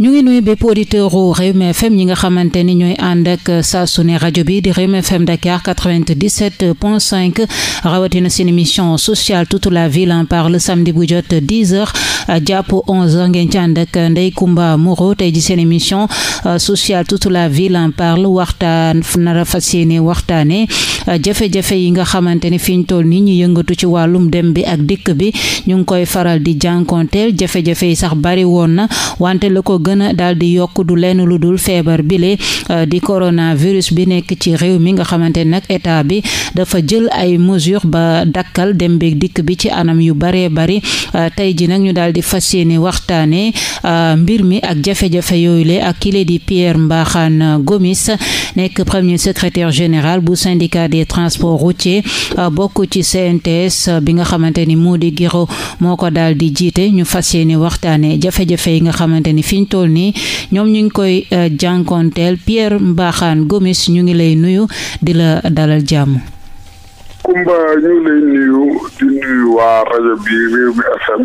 ñu ngi nuyu bépp auditeur u Rewmi FM ñi nga xamante ni ñooy ànd ak saa su ne rajo bi di Rewmi FM Dakar 97 point 5 rawatina seen émission sociale toute la ville en parle samedi bu jot 10 heures jàpp 11 heures ngeen ci ànd ak Ndeye Comba Moreau tey ji seen émission euh, sociale toute la ville en parle waxtaan nara fas yéene waxtaane euh, jafe-jafe yi nga xamante ni fi ñu toll nii ñu yëngatu ci wàllum dem bi ak dikk bi ñu ngi koy faral di jànkonteel jafe-jafe yi sax bari woon na wante la gën a daal di yokk du lenn lu dul feebar bile euh, di coronavirus bi nekk ci réew mi nga xamante ne nag état bi dafa jël ay mesures ba dakkal dem beeg dikk bi ci anam yu baree bari euh, tey ji nag ñu daal di fas yéene waxtaane euh, mbir mi ak jafe-jafe yooyu le ak kile di Pierre Mbakhane Gomis nekk premier secretaire général bu syndicat de transports routiers bokk ci CNTS bi nga xamante ni moo di giro moo ko daal jiite ñu fas yéene waxtaane jafe-jafe yi nga xamante fiñ toll nii ñoom ñu ngi koy euh, jànkonteel Pierre Mbakhane Gomis ñu ngi lay nuyu di la dalal jàmm. Kumba ñu ngi lay nuyu di nuyu waa rajo bi Rewmi FM.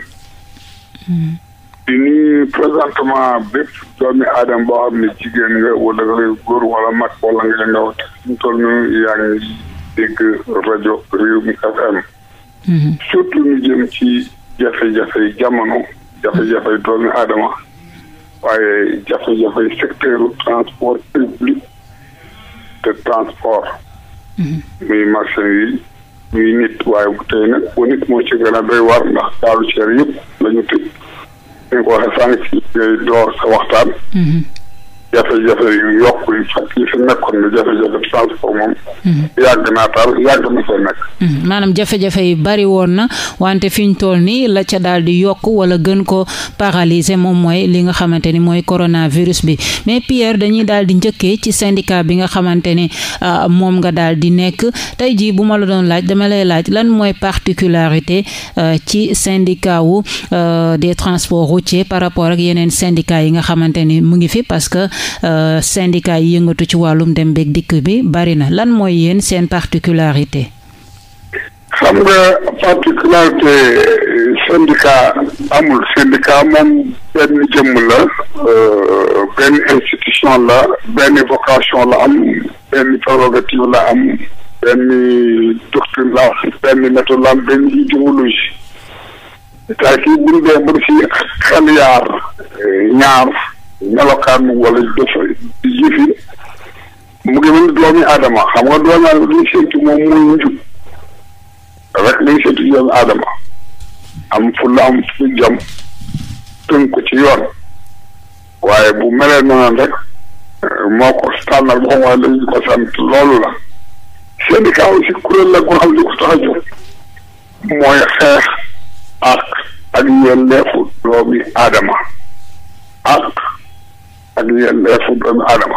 Hmm. di nuyu présentement bépp doomi aadama boo xam ne jigéen nga wala góor wala mag wala nga ndaw te hmm. surtout ñu jëm ci jafe-jafe jamono jafe-jafe doomi aadama. waaye jafe-jafe secteur transport public te transport. Mhm. muy marché yi muy nit waaye tey nag bu moo ci gën a war ndax gaalu ceer yëpp lañu ñu tëj. ni nga ko ci door sa waxtaan. Mhm. jafe-jafe yu yokk yi fi nekkoon ne jafe-jafe transport moom. Hmm. yàgg naa taal yàgg na fay nekk. Hmm. maanaam jafe-jafe yi bari woon na wante fi ñu toll nii la ca daal di yokk wala gën ko paralyser moom mooy li nga xamante ni mooy coronavirus bi mais Pierre dañuy daal di njëkkee ci syndicat bi nga xamante ne ah, moom nga daal di nekk tey jii bu ma la doon laaj dama lay laaj lan mooy particularité ah, ci syndicat wu ah, des transports routiers par rapport ak yeneen syndicats yi nga xamante ni mu ngi fi que. Euh, syndicat yi yëngatu ci wàllum dem beeg dikk bi bari na lan mooy yéen seen particularité xam nga particularité euh, syndicat amul syndicat moom benn jëmm la euh, benn institution la benn vocation la am benn prérogative la am benn doctrine la benn méthode la am benn idéologie c'est-à-dire buñ dee ba ci xel ñaar melokaan wala defa jëfin mu ngi mel doomi aadama xam nga doomi aadama duñ séntu moom mooy njub rek lañ séntu doomi aadama am fu la am fu jam tënk ko ci yoon waaye bu melee noonu rek moo ko tànnal boo xam waaye dañu ko sant loolu la syndicat aussi kuréel la goo xam ko tax a jóg mooy xeex ak ak yelleefu doomi aadama ak ak yenn yëfu doomu aadama.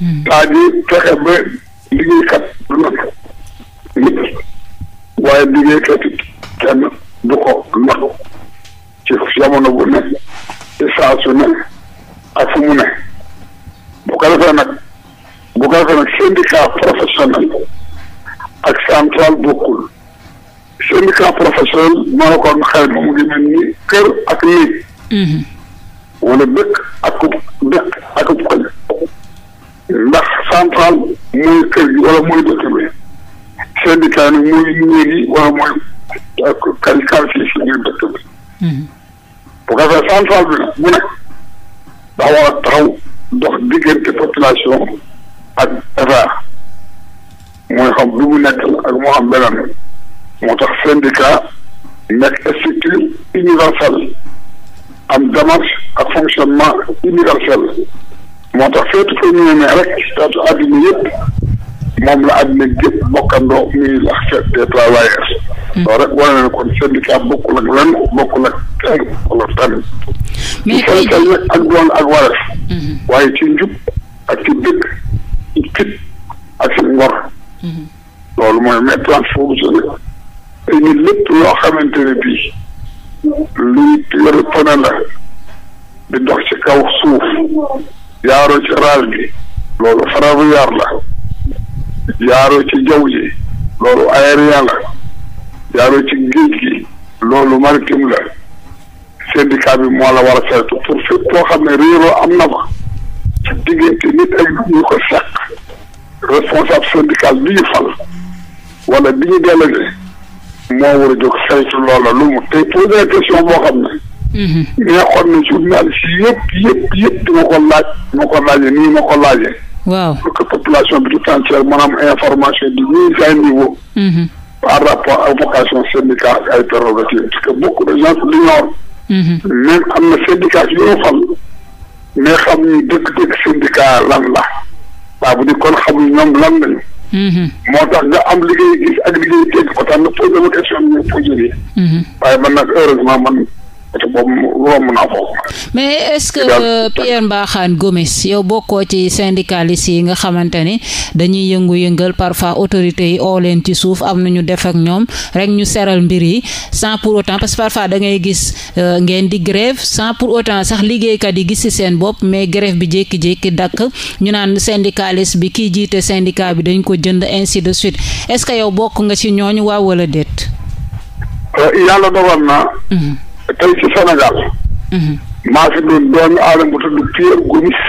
c'est-à-dire hmm. fexe ba liggéeykat du natt waaye liggéeykat it kenn du ko nattu ci jamono bu ne ci saa su ne ak fu mu ne bu ko defee nag bu ko defee nag syndicat professionnel ak central bokkul syndicat professionnel moo la kon xëy na ngi mel ni kër ak néeg hmm. wala dëkk central mooy kër gi wala mooy dëkk bi syndicat nag mooy néeg yi wala mooy quartier si biir dëkk bi bu ko defee central bi nag mu feetu ko ñëwee rek feetu àdduna yëpp moom la àdduna yëpp bokkandoo muy la fête des travailleurs. Hmm. loolu rek wane na kon syndicat bokkul ak lan bokkul ak kenn wala tànn. mais tey jii nag ak doon ak wareef. Hmm. waaye ci njub ak ci dëkk ak ci ngor. Hmm. loolu mooy mettre en fonction nag. te ñun lépp loo xamante ne bii. boobu yar la yaaroo ci jaww ji loolu aérien la yaaroo ci géej gi loolu maritime la syndicat bi moo la war a saytu pour fépp koo xam ne réeroo am na fa ci diggante nit ak ñu ko seq responsable syndical bi ñu fal wala bi ñu délégué moo war a jóg saytu loola lu mu tey posé question boo xam ne mhm. neexoon na journaliste yëpp yëpp yëpp di ma ko laaj ma ko laajee nii ma ko laajee waaw pour que population bi tout entière maanaam information di mise à niveau. Mm-hmm. par rapport à vocation syndicat ak ay prérogatives parce que beaucoup de gens l'ignorent. Mm-hmm. même am na syndicat yoo xam mais xam ñu dëgg-dëgg syndicat lan la waaw bu di kon xamul ñoom lan lañu. Mm-hmm. moo tax nga am liggéey gis ak liggéey dégg ko tax nga posé ma question bi ñu posé waaye man nag heureusement man. mais est-ce que euh, Pierre Mbakhane Gomis yow bokkoo ci syndicalistes yi nga xamante ni dañuy yëngu-yëngal parfois autorités yi oo leen ci suuf am na ñu def ak ñoom rek ñu seral mbir yi sans pour autant parce que parfois da ngay gis euh, ngeen di grève sans pour autant sax liggéeykat yi gis ci seen bopp mais grève bi jékki-jékki dakk ñu naan syndicaliste bi kiy jiite syndicat bi dañ ko jënd insi de suite est-ce que yow bokk nga ci ñooñu waaw wala déet. Euh, tey ci Sénégal. Mhm. maa fi doon doomi aadama bu tudd Pierre Gomis.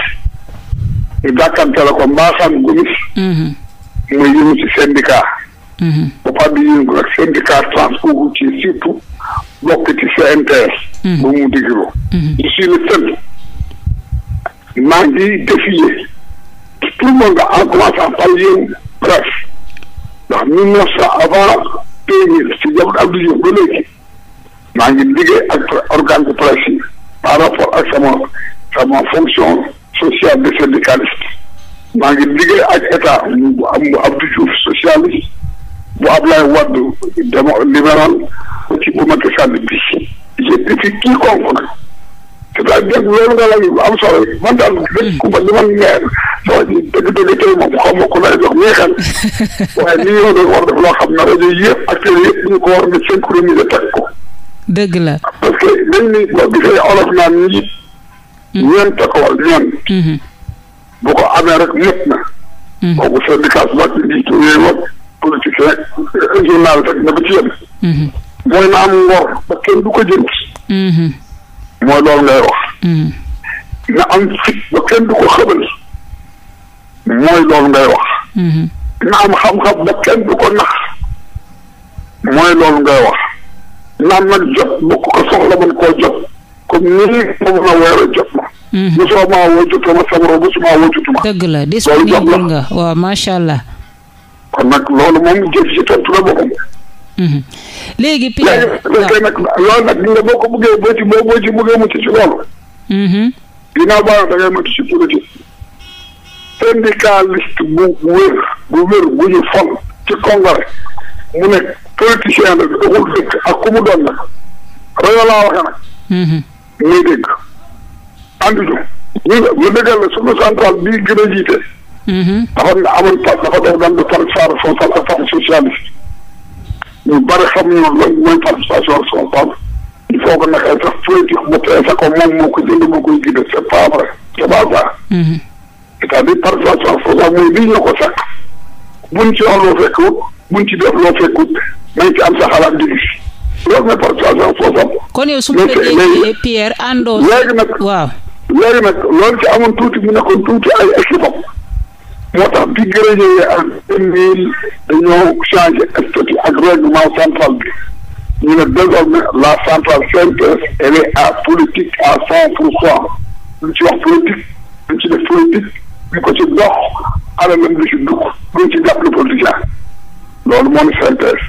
ñu dàkkanteel ko Mbassane Gomis. Mhm. muy yëngu ci syndicat. Mhm. bu fàttali yëngu ak syndicat transport ci surtout bokk ci CNTS. bu mu digiloo. je suis le seul. maa ngi défilé. tout le monde en commençant par yéen presse. ndax mille neuf cent avant deux mille si jamono Abdou Diouf maa ngi liggéey ak organe de presse yi par rapport ak sama sama fonction sociale de syndicaliste maa ngi liggéey ak état bu am bu Abdou Diouf socialiste bu Ablaye Wade demo libéral ci bu Macky Sall bi je défie quiconque nag c'est-à-dire loolu nga la ñu am solo man daal dëgg ku li ma neex soo dëgg-dëgg tey moom xaw ma ko lay jox ñeexal waaye li ñu war a def loo xam ne rajo yëpp ak télé yëpp ñu ko war a synchroniser teg ko. dëgg la parce que dañ ni boo gisee olof naan njiit hmm. ñeent ko wal ñeent hmm. bu ko amee rek ñëpp na hmm. kooku syndicat ba njiitu yooyu mag politicien journal rek na ba ci yem mooy na am ngor ba kenn du ko jënd mooy loolu ngay wax na am xam-xam ba kenn du ko nax mooy loolu ngay wax naan man jot bu ko soxla mën koo jot comme nii ma mën a jot ma. Mhm. mosoo maa woo jotuma sama robo mosuma woo jotuma. dëgg la disponible nga waaw macha allah. kon nag loolu moom jëf ci tontu mhm. nag loolu nag nga boo ko bëggee boo ci boo ci bëggee mucc ci loolu. Mhm. ginnaaw ci politique. syndicaliste bu wér bu wér bu ñu fol ci congrès mu nekk. politicien la doxul dëkk ak ku mu doon nag rajo laa waxee nag. muy mhm. dégg. ànd ju ñu ñu dëggal la suñu central bii gën a jiite. Mhm. dafa nga amul pa dafa doon daan di parti responsable ak parti socialiste. ñu bëri xam ñu loolu mooy participation responsable il faut que nag ay sax politique bu peese ko moom moo ko jënd moo koy guidé c' est pas vrai c' est pas ça. Mhm. c' est à dire participation responsable mooy lii ñu ko fekk buñ ci wàllu fekk. buñ ci def loo fekkut nañ ci am sa xalaat di gis loolu mooy participation foofu am. kon yow su ma la Pierre àndoo. léegi nag waaw léegi nag loolu ci amoon tuuti mu nekkoon tuuti ay équipe am moo tax bi gërëm ñëwee ak deux mille dañoo changé statut ak règlement central bi mu ne désormais la centrale CNPS elle est apolitique à cent pour cent duñ ci wax politique duñ ci def politique duñ ko ci dox alalam du ci dugg duñ ci jàppale politicien loolu moom synthèse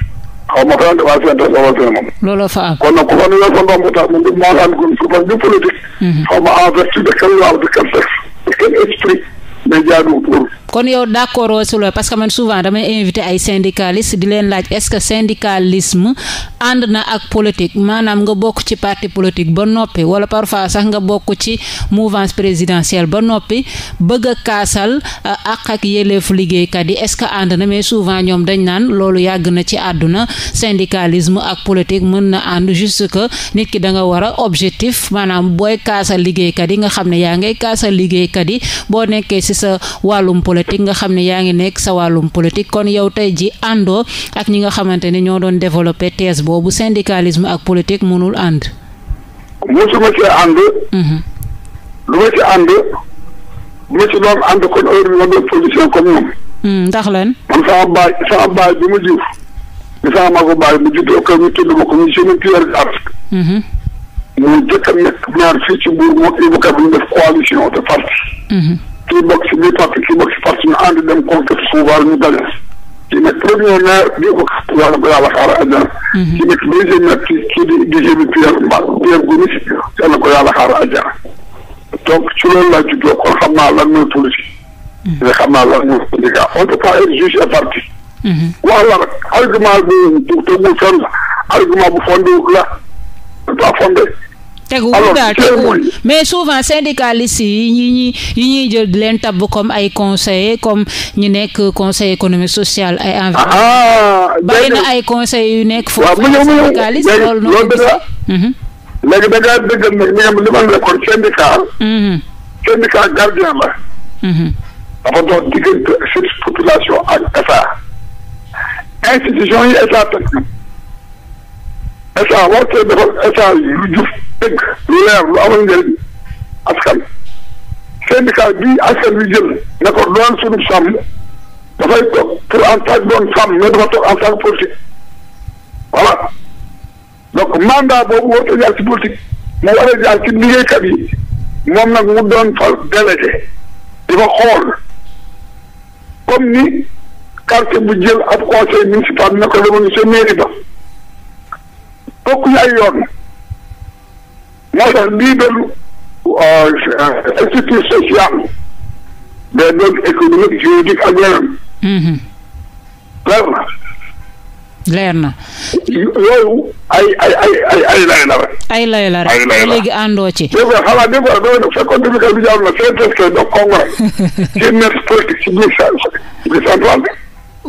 xaw ma fan waa a xaw ma moom. looloo fa am kon nag ku fa ne la sa ndomb tax man de maa daan gën a ko di politique. Mhm. xaw ma en vertu de quel loi de quel texte de quel esprit mais jaaduwul pour. kon yow d' accord si loolu parce que man souvent damay invité ay syndicalistes di leen laaj est ce que syndicalisme ànd na ak politique maanaam nga bokk ci parti politique ba noppi wala parfois sax nga bokk ci mouvance présidentielle ba noppi bëgg a kaasal uh, ak ak yelleefu liggéeykat yi est ce que ànd na mais souvent ñoom dañ naan loolu yàgg na ci àdduna syndicalisme ak politique mën na ànd juste que nit ki danga nga war a objectif maanaam booy kaasal liggéeykat yi nga xam ne yaa ngay kaasal liggéeykat yi boo nekkee ci sa wàllum politique métti nga xam ne yaa ngi nekk sa wàllum politique kon yow tey ji àndoo ak ñi nga xamante ni ñoo doon développé thèse boobu syndicalisme ak politique mënul ànd musuma ci ànd mhm. lu ma ci ànd bu ma ci doon ànd kon heure bi hmm, ndax lan man sama baay baay bi mu juuf di sama magu baay mu juddoo ko ñu tudd ma ko ñu sunu Pierre Gade mhm. mu jëkk nekk maire fii ci Mbour moo ibukat def coalition de parti mhm. kii bokk si biir parti kii bokk si parti ñu ànd dem conquête pouvoir ñu gagné kii nekk premier maire bii ko yàlla ko yàlla xaaral àjjana. kii nekk deuxième maire kii kii di DG bi Pierre Mba Pierre Gomis yàlla donc ci loolu laa juddoo kon xam naa lan mooy politique. Mhm. mais xam naa lan mooy pas être juge et parti. Mhm. wax la rek argument bu bu tëggul fenn argument bu fondé la pas teguwul daal teguwul mais souvent syndicalistes yi ñi ñi yi ñuy jël di leen tabb comme ay conseillers comme ñu nekk conseil économique social ay environnement ah, ah, bari na ay conseillers yu nekk foofu ay syndicalistes loolu noonu mhm. léegi da ngaa dëggal nag li nga li ma nekkoon syndicat mhm. syndicat gardien la mhm. dafa doon diggante population ak état institution yi état tënk état warutee defal état yi lu jub dëgg lu leer lu amal njëriñ askan syndicat bii askan bi jël ne ko doon sunu sàmm dafay toog pour en tant doon sàmm mais dafa toog en tant que mandat boobu warut a jaar ci politique mu war a jaar ci liggéeykat yi moom nag mu doon fal délégué di fa xool comme ni quartier bu jël ab conseil municipal ne ko demoon sa mairie ba bokkuñu ay yoon moo tax lii doon euh, institut social day doon économique juridique ak yeneen. Mhm. leer na. leer na. yooyu ay ay ay ay ay lay la rek. ay lay la rek léegi àndoo ci. dégg nga xanaa dégg nga dama ne fekkoon tamit bi jaar na CNTS doog congrès ci nekk politique ci biir central bi.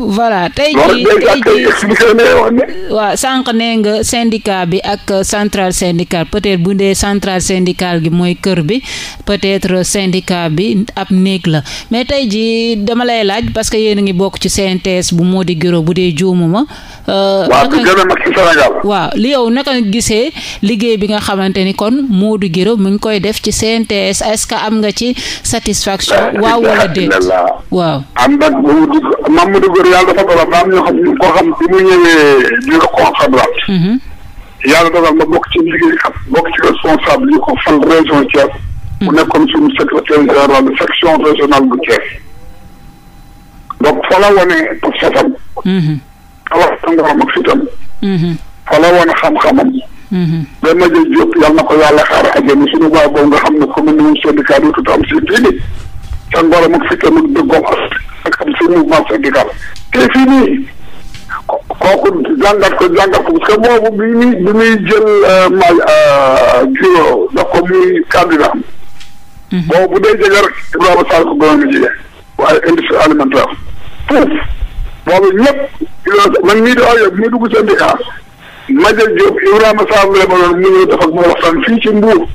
voilà tey jii tey jii waaw sànq nee nga syndicat bi ak euh, central syndicale peut-être bu dee central syndicale gi mooy kër bi peut-être syndicat bi ab néeg la mais tey jii dama lay laaj parce que yéen a ngi bokk ci CNTS bu moo di Guiro bu dee juumuma. Euh, waaw bi waaw li yow naka nga gisee liggéey bi nga xamante ni kon moo Mody giro mu ngi koy def ci CNTS est-ce que am nga ci satisfaction. Eh, waaw wala déet waaw. yàlla dafa dogal ba am ñoo xam ñu ngi ko xam bi mu ñëwee ñu ko xablaat. Mhm. yàlla dogal ma bokk ci liggéeykat bokk ci responsable yi ko fal région Thiès. mu nekkoon suñu secrétaire général section régionale bu Thiès. donc fa la wane sosam. xalaat tàngooram ak fitam. Mhm. fa la wane xam-xamam. Mhm. benn jël Diop yàlla na ko yàlla xaar àjjana a baay boobu nga xam ne commune ni moom syndicat du tout am si fii nii. tàngooram ak fitam ak dëggoom ak am si mouvement syndical. c'est fini kooku jàngat ko jàngat ko parce que boobu bi muy bi muy jël euh, ma juro euh, daf ko muy candidat mhm. boobu bu dee jege rek Ibrahima Sall ko gënoon a jege waaye industrie alimentaire foofu boobu ñëpp man mii di wax yow bi ma dugg syndicat Madiaye Diop Ibrahima Sall la ma doon mu ñëw def ak ma waxtaan fii ci Mbour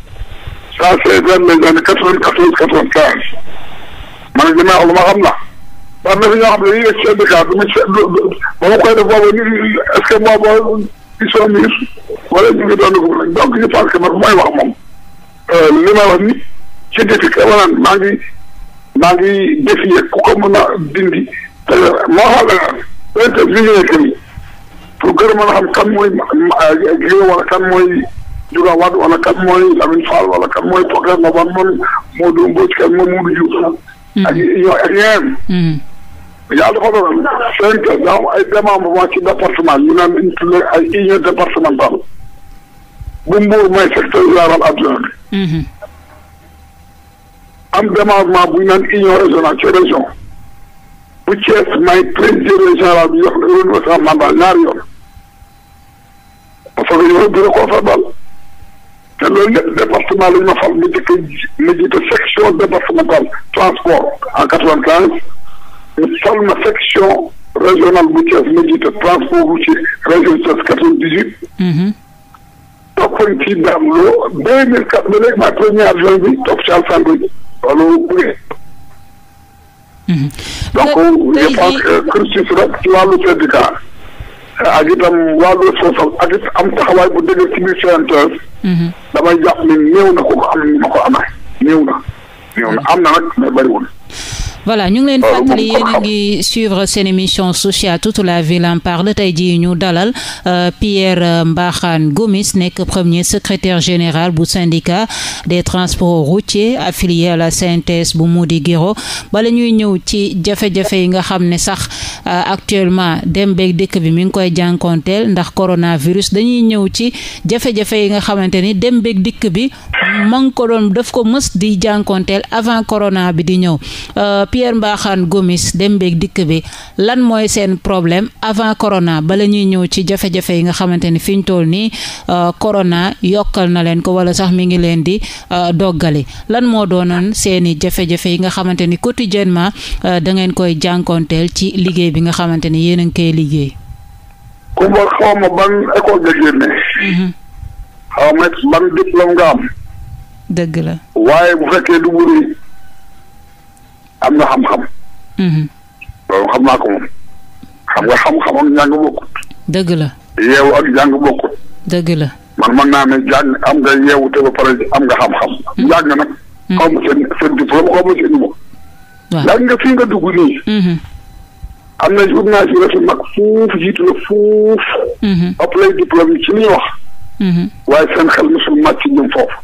ça c'est vers les années quatre-vingt-quatorze quatre-vingt-quinze man dinaa lu ma xam na waaw mais ñoo xam ne dañuy yegg syndicat bi ba ma koy def boobu ñu est ce que boobu ils sont mûrs wala ñu ngi doon dugub lañ donc je pense que man mooy wax moom li ma wax ni scientifique wala maa ngi maa ngi défier ku ko mën a dindi te moo xam ne interviewé que ni pour gën a mën a xam kan mooy Guèye wala kan mooy Dioula Wade wala kan mooy Lamine Fall wala kan mooy Poté Mabane man Modou Mbodj kan mooy Modou Diouf ak ñoo ak yàlla dafa doon seen kër daa am ay démembrement ci département ñu naan dañu tuddee ay union départementale bu Mbour mooy secteur mhm. bu ñu naan union régionale ci bu Thiès may président général bi jox la sa mandat ñaari yoon. parce ko fa dal te loolu lépp département fal mu jëkk ma jiite section transport en quatre-vingt-quinze am na section régionale bu Thiès ma jiite transport bu ci région Thiès quatre-vingt-dix-huit mhm. toppoon ci Dame Lo deux mille quatre ba léegi maa premier adjoint bi topp ci Alassane Ndoye wala bëggee mhm. donc je pense que cursus rek ci wàllu syndicat ak itam wàllu am taxawaay bu dëgër ci biir CNTS mhm. damay jàpp ne néew na ko am na ko amee néew na néew am na nag mais bëriwul voilà ñu ngi leen euh, fàttali yéen a ngi suivre seen émission sociale toute la ville en parle tey jii ñu dalal euh, Pierre euh, Mbakhane Gomis nekk premier secretaire général bu syndicat des transports routiers affilié à la CNTS bu Moudigiro bala ñuy ñëw ci jafe yi nga xam ne sax actuellement dem beeg dëkk bi mi ngi koy jànkonteel ndax coronavirus dañuy ñëw ci jafe-jafe yi nga xamante ni dem beeg dikk bi ma ngi ko doon daf ko mës di jànkonteel avant corona bi di ñëw Pierre Mbakhane Gomis dem beeg dikk bi lan mooy seen problème avant corona bala ñuy ñëw ci jafe-jafe yi nga xamante ni fi ñu toll nii euh, corona yokkal na leen ko wala sax mi ngi leen di euh, doggali lan moo doonaan seeni i jafe-jafe yi nga xamante ni quotidiennement euh, da ngeen koy jànkoonteel ci liggéey bi nga xamante ni yéen a ngi koy liggéey. Kumba xaw ma ban école nga génne. Mm-hmm. xaw ma ban diplôme nga am. dëgg la. waaye bu fekkee du bëri am nga xam-xam. Mhm. loolu xam naa ko moom xam nga xam-xam ak njàng bokkut. dëgg la. yeewu ak bokkut. dëgg la. man mën naa ne jàng am nga yeewu te ba pare am nga xam-xam. njàng mhm. nag. Mhm. xaw ma seen seen diplôme xaw ma seen niveau. waaw njàng nga fii nga dugg nii. am na ut naa si refi mag fuuf jiitu la fuuf. ëpp lay diplôme yi ci li ñuy wax. waaye seen xel mosul màcc ñoom foofu.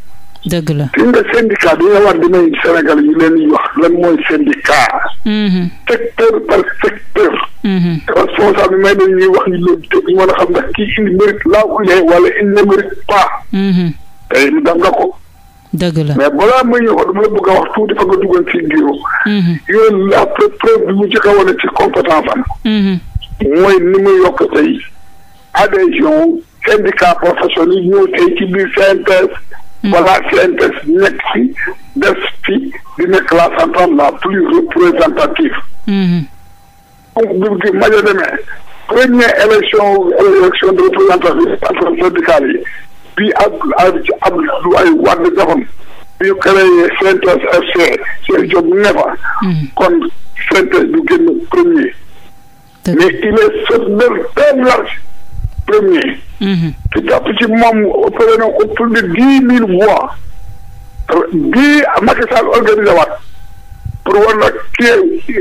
dëgg la fi nga syndicat bi nga war di may Sénégal yi leen di wax lan mooy syndicat. Mhm. secteur par secteur. Mhm. responsable bi may leen ñuy wax ñu leen teg ñu mën a xam ndax kii il mérite là où il est wala il ne mérite pas. Mhm. tey ñu dam na ko. dëgg la mais balaa ma ñëw dama la bëgg a wax tuuti fa nga duggoon ci bureau. yooyu la preuve bi mu njëkk a wane ci compétence am. mooy ni mu yokk tey adhésion syndicat professionnel ñëw tey ci biir CNTS. Mm. voilà CNTS nekk fi des di nekk la la plus représentative. Mm-hmm. donc bu bu ma la demee première élection élection de représentation central syndical yi bi ab ab Abdoulaye Wade defoon bi ñu créé CNTS FC Cheikh Diop ne fa. Mm-hmm. kon CNTS premier. mais il est seul même premier. Mhm. te jàpp ci moom opéré na au plus de dix mille voix. bii Macky Sall organisé waat pour war na kii kii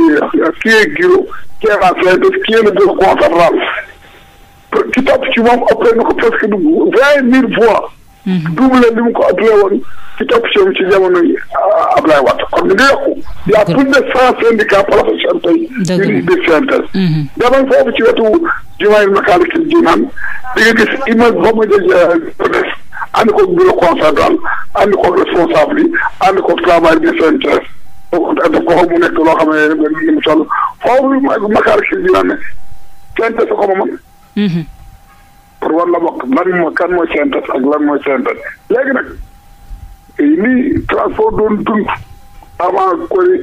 Guiro kii la Fede kii la bureau confédéral ki topp ci moom opéré na ko presque vingt mille voix. Mhm. double li mu ko opéré woon. ci topp si ci jamono yi ah, Ablaye Wade kon ñu ngi yokku y a plus de cent syndicats professionnels tey. dëgg la ñu ngi CNTS. demal foofu ci wetu jumaay makaari kii ji naan di nga gis immeuble ba mu jëlee ànd ko bureau concentral ànd ko responsable yi ànd o travail de CNTS ko mu nekk loo xam ne benn mu toll foofu makaari kii ji naan ne ko ma mën. Mm-hmm. pour war la bokk lan moo kan mooy CNTS ak lan mooy CNTS léegi nag. lii transport doon dund avant Covid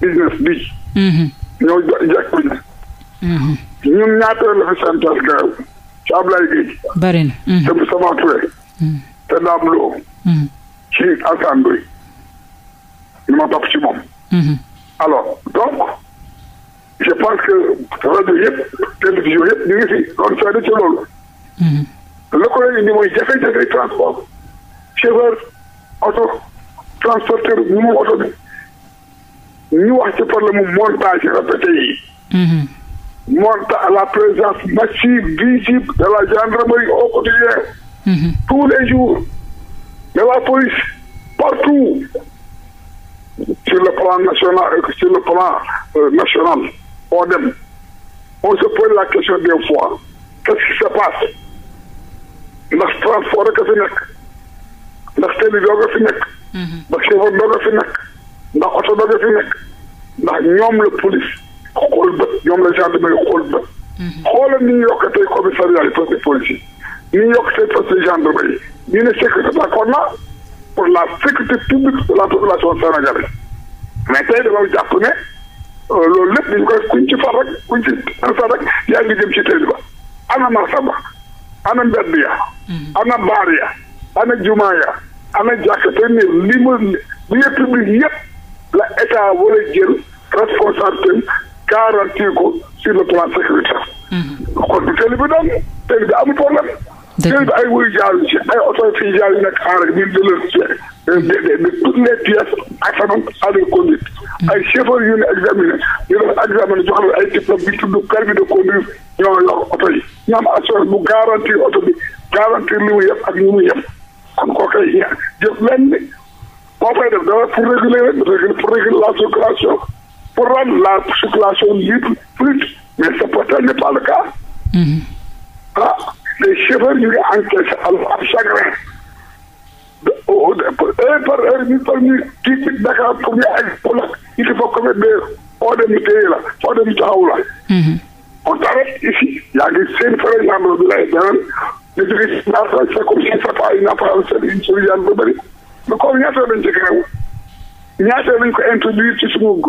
business bi. Mhm. ñoo jàkkuñ. Mhm. ñun ñaata la fi santas gaaw ci Ablaye Gueye. bari na. Mhm. te sama Touré. te Dame Lo. ci Assane Ndoye. ñu ma topp ci moom. alors donc je pense que rajo yëpp télévision yëpp ñu ngi fi doon seede ci loolu. lëkkaloo yi ni mooy jafe-jafe transport chauffeur. oto transporteur moom oto bi ñu wax ci problème montage répété mhm. la présence massive visible de la gendarmerie au quotidien. Mm -hmm. tous les jours de la police partout sur le plan national euh, sur le plan euh, national on dem on se pose la question des qu'est-ce qui se passe ndax transport rek a ndax télé doog a fi nekk. Mhm. ndax chauffeur doog a fi nekk. ndax oto doog a fi nekk. ndax ñoom la police xool bët ñoom la gendarmerie xool bët. Mhm. xoolal ni ñu yokk tey commissariat yi poste police yi. ne sécurité d'accord na pour la sécurité publique la population sénégalaise. mais tey dañoo jàpp ne euh, loolu lépp dañu koy kuñ ci far rek kuñ ci far rek yaa ngi jëm ci télé ba. ana marsaba ana mbedd ya. Mhm. ana baar ana jumaa ya ana jàkk te ne li ma lieu public yëpp la état war a jël responsabilité garanti ko sur le plan sécuritaire mhm. kon du teel bi doon teel bi amul problème teel bi ay wuyu jaaruñ ci ay oto fii jaaruñ nekk en rek ñun dëlër de de toutes les pièces attanantes à la conduite mhm. ay chauffeur yu ne examiné ñu def examiné jox la ay diplôme bi tudd permis de conduire ñoo yor oto yi ñu am assurance bu garantir oto bi garantir li mu yëpp ak ñi mu yëpp kon kooku ay jëf lenn boo fay def dara pour réguler rek pour réguler la circulation pour rendre la circulation libre fluide mais ce peut-être n'est pas le cas. Mm-hmm. ah les chauffeurs ñu ngi encaissé à chagrin de heure par heure minute par minute kii bi Dakar pour ñu àgg pour la il faut que ñu dee foo dem téye la foo dem taxaw la. Mm-hmm. on t'arrête ici yaa ngi seen par exemple bi lay nga jógee si naaf rek fekkum si FAPA yi naaf am seen une solution bu bëri mais comme ñaata lañ ci créé ñaata lañ ko introduire ci suñu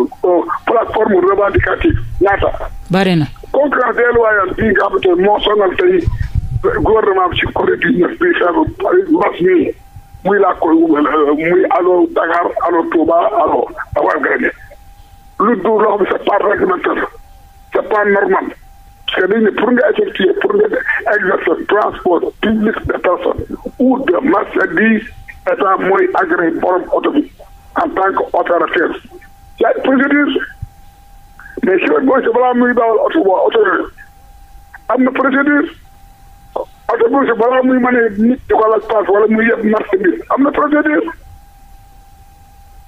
plateforme revendicative ñaata. bari na. concurrence déloyale bii nga xamante ne moo sonal tey gouvernement bi ci Covid-19 bii xeetu mbas mi muy laa ko muy allo Touba allo Awa lu dul loo xam ne c'est pas réglementaire c'est pas normal. parce que dañ pour nga effectuer pour transport public de personnes ou de marchandises état mooy agréé borom oto bi en tant que opérateur yaa ngi procédure mais si booy si balaa muy dawal oto am na procédure oto booy si balaa muy mën a nit di ko laaj paas wala am na procédure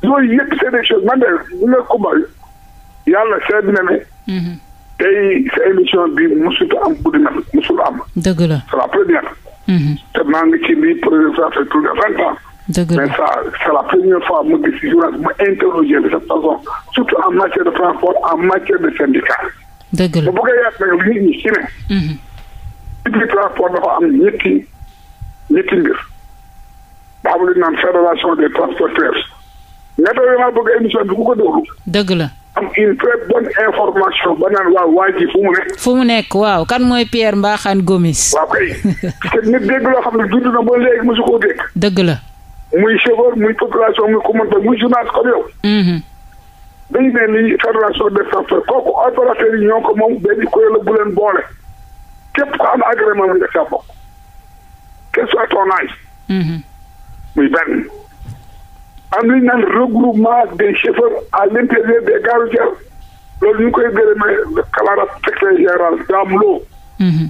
yooyu yëpp c'est des choses man de bu nga tey sa émission bi mosut am guddi na am. dëgg la c'est la première. Mhm. te maa ngi ci lii projet a fait plus de vingt ans. dëgg la c'est la première fois mu gis mu interroger de cette façon surtout en matière de transport en matière de syndicat. dëgg la bu bëggee yaatu nag nit ñi ci ne. Mhm. ci biir transport dafa am ñetti ñetti mbir. daa am lu ñu naan fédération des transporteurs. ñebe bi maa bëgg émission bi ku ko déglu. dëgg la. am une très bonne information ba waaw waa fu mu nekk. fu mu nekk waaw kan mooy Pierre Mbakhane Gomis. waaw kay te nit dégg loo xam ne dund na ba léegi mosu koo dégg. dëgg la. muy chauffeur muy population muy commentaire muy journaliste comme yow. Mhm. dañu ne lii fédération des transports kooku opérateur yi benn kuréel la bu boole. képp ko am agrément mu nekk sa bokk. Mhm. muy benn. am li naan regroupement des chauffeurs à l'intérieur des gares routières loolu ñu ngi koy gërëmee xalaat secrétaire général Dame Lo mhm.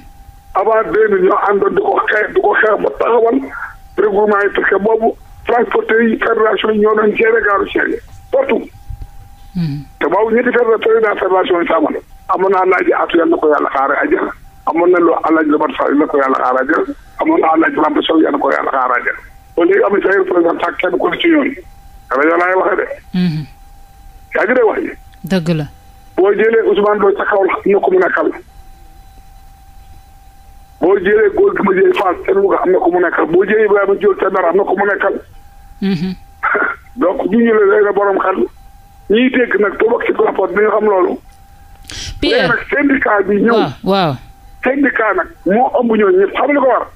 avant deux mille ñoo àndoon di ko xeex di ko xeex ba taxawal regroupement yi parce que boobu transporteurs yi fédération yi ñoo doon gérer gares routières yi partout mhm. te boobu ñetti fédération président fédération yi sàmmal amoon naa laaj atu yàlla na ko yàlla xaare àjjana amoon na lu alaaj labat fa yàlla na ko yàlla xaare àjjana amoon naa alaaj lamb sow yàlla na ko yàlla xaare àjjana ba léegi am na say représentant kenn ku ne ci ñooñu rajo laay waxee de. Mhm. yaa wax ji. la. boo jëlee Ousmane Doy ca Kaolack ko mu nekkal boo jëlee góor gi ko mu nekkal boo jëlee Ibrahima Diop am na ko mu nekkal. Mhm. donc ñu ñu la léegi borom xel ñiy dégg nag toog xam loolu. Pierre léegi nag syndicat bi moo ëmb ñooñu ñëpp xam nga ko war.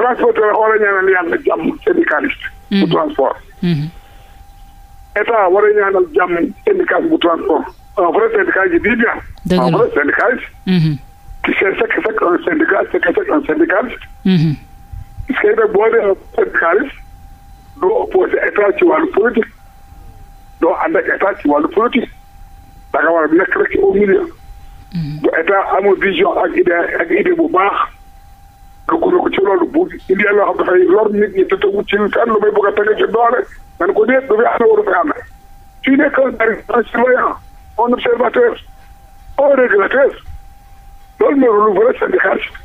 transporteur war a ñaanal yàlla jàmm syndicaliste. bu mhm. transport. Mhm. état war a ñaanal jàmm syndicaliste bu transport un vrai syndicat je dis bien. dëgg la un vrai syndicaliste. Mhm. qui sait ce que c'est un syndicat ce que c'est un syndicaliste. parce dee syndicaliste doo opposé état ci wàllu politique doo ànd ak état ci war a nekk rek au milieu. bu état vision ak idée ak idée bu baax. dugg na ci loolu bu indi loo xam dafay lor nit ñi te tegu ci fenn lu may bëgg a tege ci doole man ko déet du fi amee waru fi amee tu n'es qu'un surveillant un observateur un régulateur loolu mooy rôle bu vrai syndicaliste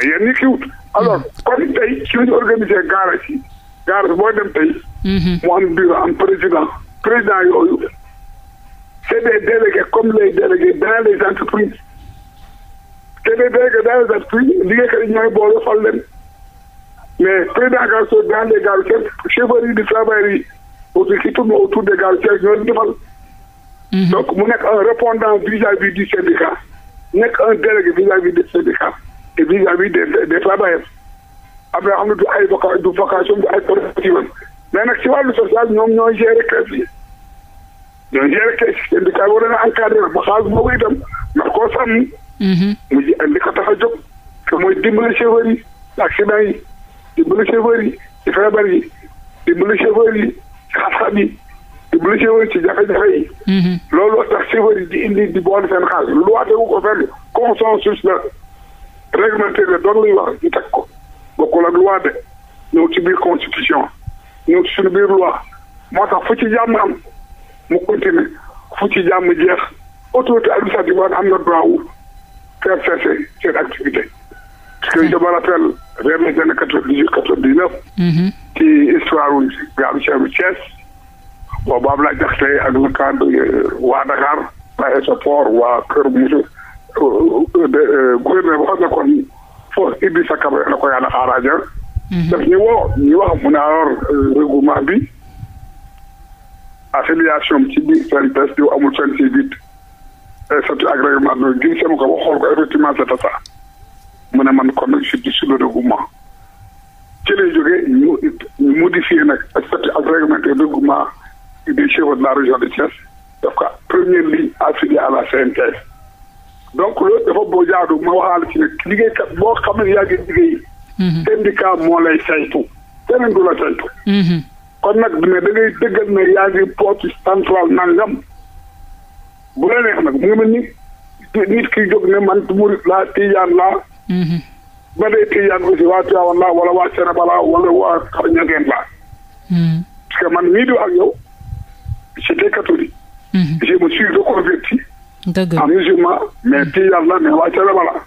ay yéen ñi kiiwut alors mm. kon tey ci ñu organisé garage yi garage boo dem tey mm-hmm. mu am bureau am président président yooyu c'est des délégués comme les délégués dans les entreprises te day béy que dans les entreprises liggéeykat yi ñooy boole xool leen mais président gare routière dans les gares routières chauffeurs yi di travailleurs yi aussi qui tourne autour des gares routières ñoo mhm. donc mu nekk un répondant vis-à-vis di syndicat nekk un délégué vis-à-vis du syndicat et vis a vis des des travailleurs am na xam ne du ay voca du vocation du ay productive am mais nag ci wàllu social ñoom ñooy gérer crèche yi ñooy gérer crèche syndicat war na encadré ba xaalis boobu itam ndax nit mm-hmm. ñi ak li ko tax a mooy dimbali chauffeur yi ci accident yi dimbali chauffeur yi ci feebar yi dimbali chauffeur ci xat-xat dimbali chauffeur ci jafe-jafe yi. Mm-hmm. loolu tax chauffeur yi di indi di boole seen xaalis lu waateewu ko fenn consensus la réglementaire la doon luy wax ñu teg ko bokkul ak loi de ñëw ci biir constitution ñëw ci suñu biir loi moo tax fu ci jàmm am mu continuer fu ci jàmm jeex autorité administrative am na droit wu. faire cesser activité. parce que je me rappelle vers les quatre dix huit quatre dix neuf. Mhm. ci histoire wu gaalu Cheikh bi Thiès. boobu am laa jaxle ak le cadre euh, waa Dakar waa Esopor waa Kër Moussa euh, euh, gouverneur boo xam ne kon foofu Idrissa Kabé la ko yàlla arrangé. Mhm. daf ñu woo ñu wax mu ne alors bi affiliation ci biir seen test yu amul seen si statut ak règlement no gin seema ko ba xool ko effectivement c'est ne man kon nag je suis sur le regroupement ci lay jógee ñu ñu modifié nag statut ak règlement de regroupement des chefs de la région de Thiès daf ko première ligne affiliée à la CNTS donc loolu dafa boo jaadu ma waxaale ci nag liggéeykat boo xam ne yaa ngi liggéey mhm. syndicat moo lay saytu keneen du la saytu mhm. kon nag ne da ngay dëggal bu la neex nag mu ngi mel ni nit ki jóg ne man murit laa tijaan laa mhm. ba dee tijaan aussi waa Tiwaawan wala waa Ceneba laa wala waa mhm. parce que man mii di wax ak yow j'étais catholique mhm. je me suis reconverti en musulman mais tijaan la mais waa Ceneba laa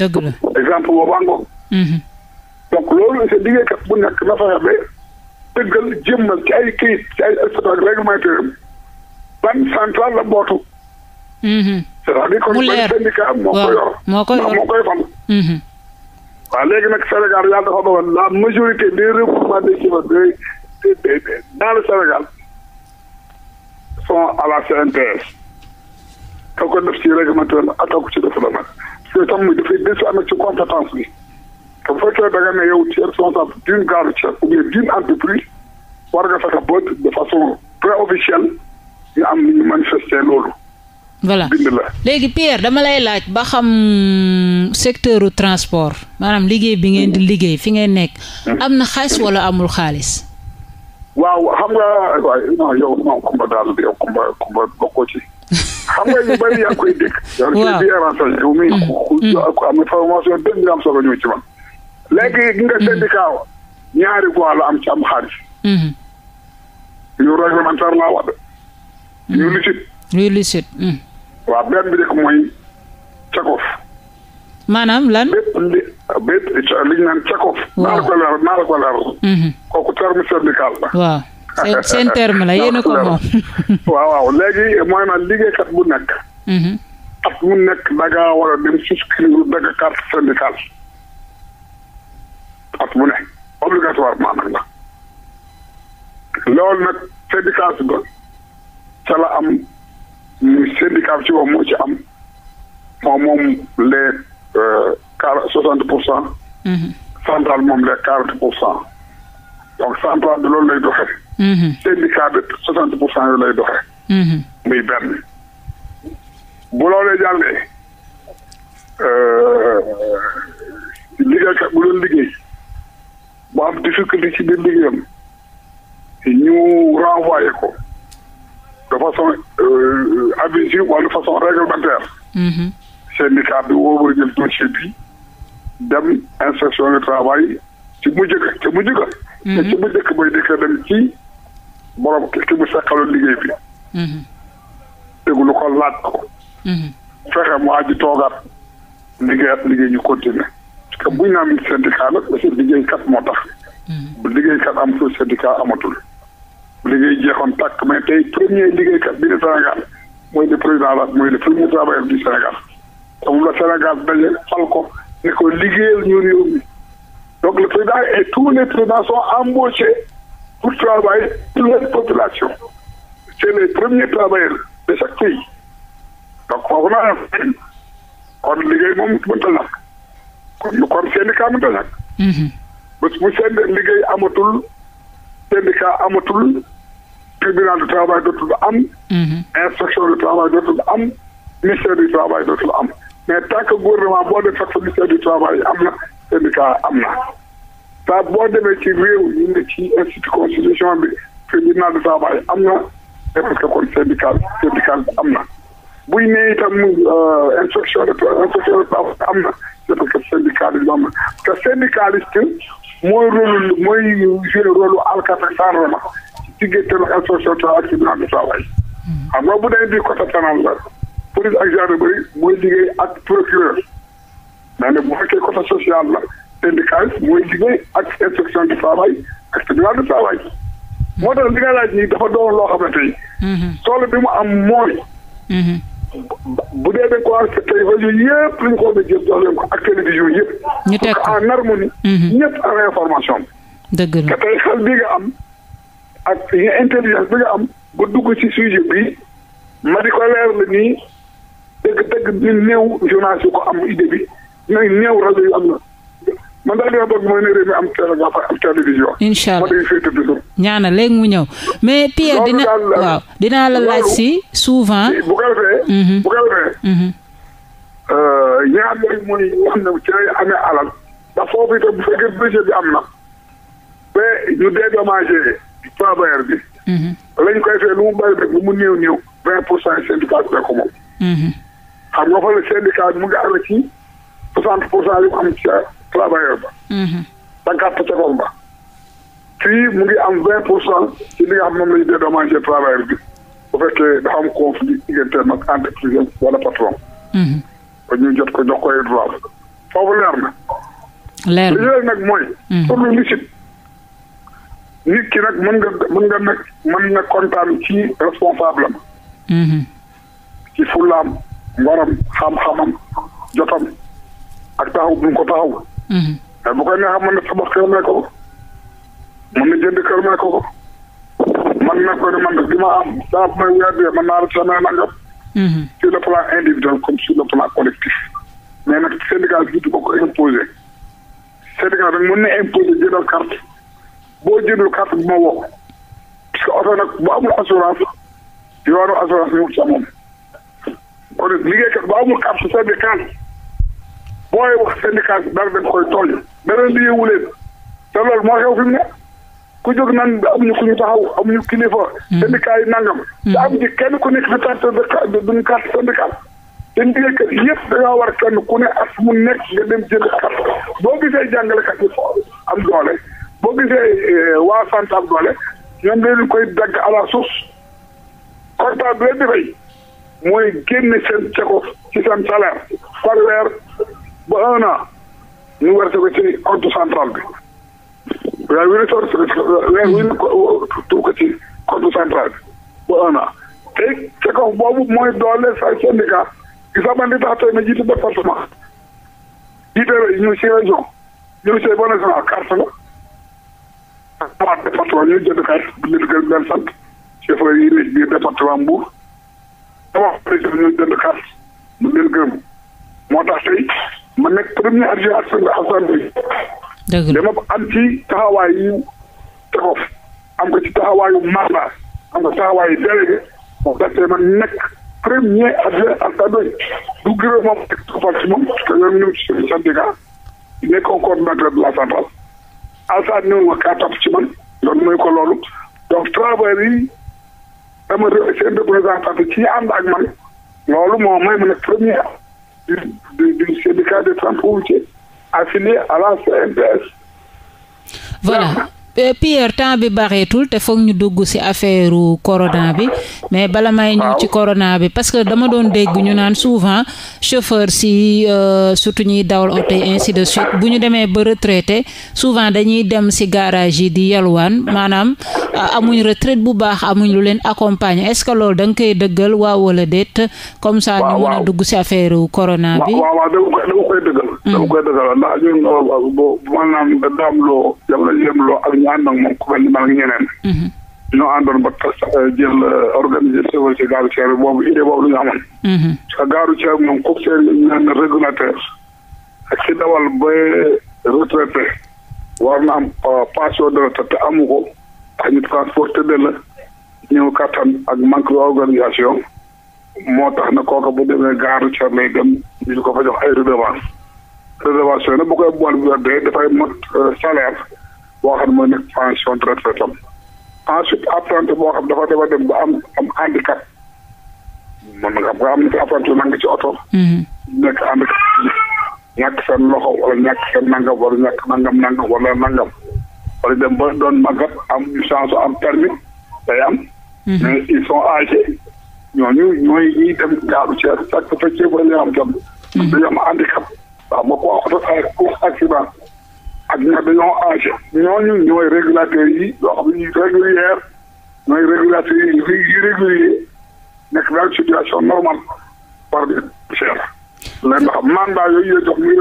dëgg la exemple boobu àngoon donc loolu sa liggéeykat bu nekk na fexe ba dëggal jëmmal ci ay kayit ci ay statut réglementaire ban central la bootu Mm-hmm. c'est-à-dire moo ko moo ko yor moo koy fam mm-hmm. waaw léegi nag Sénégal yàlla dafa dogal la majorité des regroupements des chemins dans le Sénégal sont à la CNTS ka ko def ci réglementaire la ak ci def la nag parce que tam muy dafay desu am ci compétence bi te bu fekkee da nga ne yow ci responsable d'une gare routière ou bien d'une entreprise war nga fexe de façon préofficielle ñu am ni ñu manifester loolu voilà léegi Pierre dama lay laaj ba xam secteur transport maanaam liggéey bi ngeen di liggéey fi ngeen nekk. am na xaalis wala amul xaalis. waaw xam nga waaye non yow non Kumba daal yow Kumba Kumba bokkoo ci. xam nga yu bëri yaa koy dégg. waaw yow di arrangé yow mii mm. Mm. ku am information dëgg nga am solo ñëw ci man. léegi mm. nga syndicat wa ñaari voies la am ci am xaalis. ñu mm-hmm. réglementaire laa wax de. ñu licite. ñu licite. waaw benn bi rek mooy cakof. maanaam lan. bépp li bépp li ñu naan cakof. waaw naa la ko leer naa la ko leer. Mhm. kooku la. waaw seen seen terme la yéen a ko moom. waaw waaw léegi mooy naan liggéeykat bu nekk. Mhm. at mu nekk da ngaa war a dem souscrire dagg carte syndicale at mu ne obligatoirement nag la loolu nag syndicat bi ba am. syndicat bi ci wax moo ci am moom moom les euh, soixante pour cent. Mm-hmm. central moom les quarante pour cent donc central bi loolu lay doxee. Mm-hmm. syndicat soixante pour cent yooyu lay doxee. Mm-hmm. muy benn bu loolee jàllee euh, liggéeykat bu doon liggéey bu difficulté ci biir liggéeyam ñu renvoyé ko. de façon euh, abusive wala de façon réglementaire. Mm-hmm. syndicat bi woo war a jël dossier bi dem inspection du travail ci mu jëkk ci mu jëkk. Mm-hmm. te ci mu jëkk bay dëkk dem ci borom ki mu seqaloon liggéey bi. Mm-hmm. déglu ko laaj ko. fexe mu aji toogaat liggéeyaat liggéey ñu continuer. parce que bu ñu naan syndicat la parce que liggéeykat moo tax. bu liggéeykat am fu syndicat amatul. liggéey jeexoon tàkk mais tey premier liggéeykat bi di Sénégal mooy le président la mooy le premier travailleur du Sénégal te moom la Sénégal daje fal ko ne ko liggéeyal ñu réew mi donc le président et tous les présidents sont embauchés pour travailler pour les populations c'est les premiers travailleurs de chaque pays li foofu naa ne kon liggéey moom mënta ñàkk kon kon syndicat mënta ñàkk mhm. bés bu seen liggéey amatul syndicat amatul tribunal du travail dootul am. Mhm. inspection du travail dootul am. ministère du travail dootul am mais tant que gouvernement boo dee fekk ministère du travail am na syndicat am na saa boo demee ci réew yi ne ci institut constitution bi tribunal du travail am na de parce que kon syndicat syndicat bi am na buy ne itam euh, inspection de inspection de travail am na c'est parce que syndicaliste am na te syndicaliste mooy rôle mooy jouer rôle alkaati saarama diggante ak association tra ak tribunal de travail xam nga bu dee bi côté pénal la police ak gendarmerie mooy liggéey ak procureur mais nag bu fekkee côté social la syndicat mooy liggéey ak inspection du travail ak tribunal de travail moo tax li nga laaj nii dafa doon loo xamante ni mhm. solo bi mu am mooy mhm. bu dee de ko respecté télévision yëpp ñu teg ko harmonie mhm. ñëpp am information dëgg la tey xel bi nga am ak intelligence bi nga am ba dugg ci sujet bi ma di ko leer la nii dëgg dëgg ñu néew journaliste yu ko am idée bi ñooy néew rajo am na man daal li ma bëgg mooy ne réew mi am télé am télévision. incha allah ñaanal léegi mu ñëw. mais Pierre dina waaw dinaa la laaj si souvent. bu ko defee. Mhm. bu ko defee. Mhm. Euh, ñaar yooyu mooy yoo xam ne ci lay amee alal. ndax foofu itam bu fekkee budget bi am na. ba ñu dédommagé. Paabayer bi. Mhm. lañ koy fee lu mu bëri rek lu mu néew néew vingt pour cent syndicat bi ko moom. Mhm. xam nga fa la syndicat bi mu ngi amee ci soixante pour cent li ba. cinquante mhm. ca koom ba. fii mu ngi am vingt pour cent ci li nga xam moom la ñu dédommagé travailleur bi bu fekkee dafa am conflit diggante nag entreprise wala patron. ba ñu jot ko jox koy droit foofu leer na. leer na li ñu nag mooy. pour lu nit ki nag mën nga mën nga nag mën na kontaan ci responsable am. Mhm. ci fulaam ngoram xam-xamam jotam ak taxaw bu mu ko taxaw. mais mhm. bu ko neexee mën na tabax kër may ko mën na jënd kër may ko man na ko ne man de li ma am saa bu may weer dee mën a rek samay nangam. Mhm. sur le plan individuel comme sur collectif. ko ko mën na imposer jëndal carte. boo jëndul carte bi ma woo parce que oto nag bu amul assurance yoonu assurance ñëwul sa moom kon liggéeykat boo amul carte syndical booy wax syndicat dara dañ koy tooñ dara liggéeyu leen te loolu moo xew fi mu ne ku jóg nan amuñu ku ñu taxaw amuñu kilifa. Hmm. syndicat yi nangam. Hmm. te am ci kenn ku nekk fi carte de duñ carte syndicale. te liggéeykat yëpp dañoo war kenn ku ne at mu nekk nga dem jënd carte boo gisee jàngalekat yi am doole. boo gisee euh, waa sant am doole ñoom koy dagg à la source comptable bi leen di fay mooy génne sen cekof ci seen salaire par weer ba un an ñu werse ko ci compte central bi weer wi ñu sor weer wi ñu tur ko ci compte central bi ba un an te cekof boobu mooy doole sa syndicat gisa man di tax tey ma jiite département jiite ñu ci région ñu ci bon national carte la waa département ñu jënd xeet bu ñu gën leen sant chauffeur yi nekk biir département Mbour dama président ñu moo tax tey ma nekk premier adjoint ak sëñ Assane Gueye dama ko am ci taxawaay yu am ko ci taxawaayu mandat am ko taxawaayu délégué moo tax tey ma nekk premier adjoint ak Assane Gueye du gërëm moom nekk ci te ñoom ñoom ci seen syndicat nekkoon coordonnateur de la centrale alsaan ñëw ma kaa man yoon mooy ko loolu donc travailleurs yi dama seen représentation ci ànd ak man loolu moo may ma nekk premier du du du syndicat des transports routiers affilié à la CNTS. voilà. Euh, Pierre temps bi bareetul te foog ñu dugg ci affaire corona bi mais bala may ñëw ci corona bi parce que dama doon dégg ñu naan souvent chauffeur si euh, surtout ñuy dawal oto yi ainsi de suite bu ñu demee ba retraité souvent dañuy dem ci garage yi di yalwaan maanaam amuñ retraite bu baax amuñ lu leen accompagner est-ce que loolu da nga koy dëggal waaw wala déet comme ça ñu mën a dugg ci affaire corona bi. waaw dama koy dëggal. dama hmm. koy dëggal ndax ñun maanaam ñu ànd ak moom ku mel ni man ak ñeneen. Mhm. ñoo àndoon ba euh, jël euh, organiser séwal ci gaaru ceeb boobu idée boobu la ñu amoon. Mhm. parce que gaaru ceeb moom cook ceeb yi ñu naan régulateur ak ci dawal ba retraité war na am euh, de retraite te amu transporté de la ñëw kattan ak manque d'organisation moo tax na kooka bu demee gaaru ceeb lay dem ñu ko fa jox ay redevance redevance yooyu nag bu koy boole bu dee dafay mot salaire. boo xam ne mooy nekk pension de retraite am ensuite apprenti boo xam dafa dafa dem ba am am handicap mën nga xam nga am na fi apprenti nang ci oto mm-hmm. nekk handicap ñàkk seen loxo wala ñàkk seen nangam wala ñàkk nangam nangam wala nangam wala dem ba doon màggat am chance am permis day am mm-hmm. mais ils sont âgés ñooñu ñooy ñuy dem gaaru ceer sàkk fekkee ba ñu am jom mm-hmm. dañu am handicap waaw ma ko oto ak ak ñax dañoo âgé ñooñu ñooy régulateurs yi yoo xam ne régulière ñooy régulateurs yi yi régulier nekk daal situation normale par des cher leen ndax mandat yooyu yoy jox muy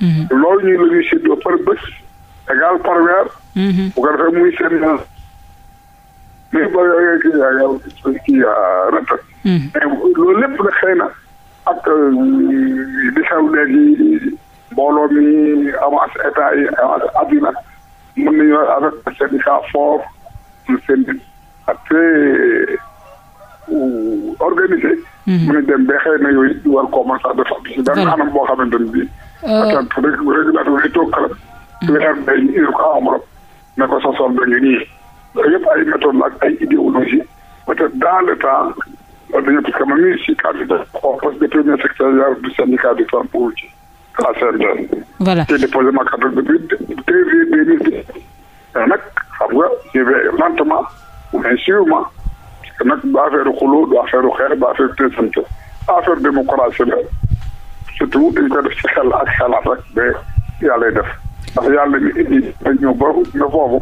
mhm. loolu ñuy la ñuy séddoo par bés égal mhm. mhm. lépp nag xëy na ak euh, di xew mbooloo mi avance état yi avance adduna mën nañoo avec syndicat fort seen assez euh, organisé. Mhm. mën a dem ba xëy na yooyu war koo mën sax de fàttali si benn anam boo xamante ni bii. Euh. parce que régulateur yi toog kalam. su ñu xam ne ñu ko enveloppe ne ko sa sol ngi nii loolu yëpp ay méthode la ak ay idéologie peut-être dans le temps dañoo parce que man mii si candidat xool parce que premier secrétaire du syndicat du transport ci à Saint-Louis. ma carte depuis février deux mille dix. nag xam nga je vais ma mais sûrement parce que nag du affaire xuloo du affaire xeer du affaire présente affaire démocratie la surtout dañ koy def ci xel ak xalaat rek ba yàlla def. ndax yàlla ñu indi ñu ba nga foofu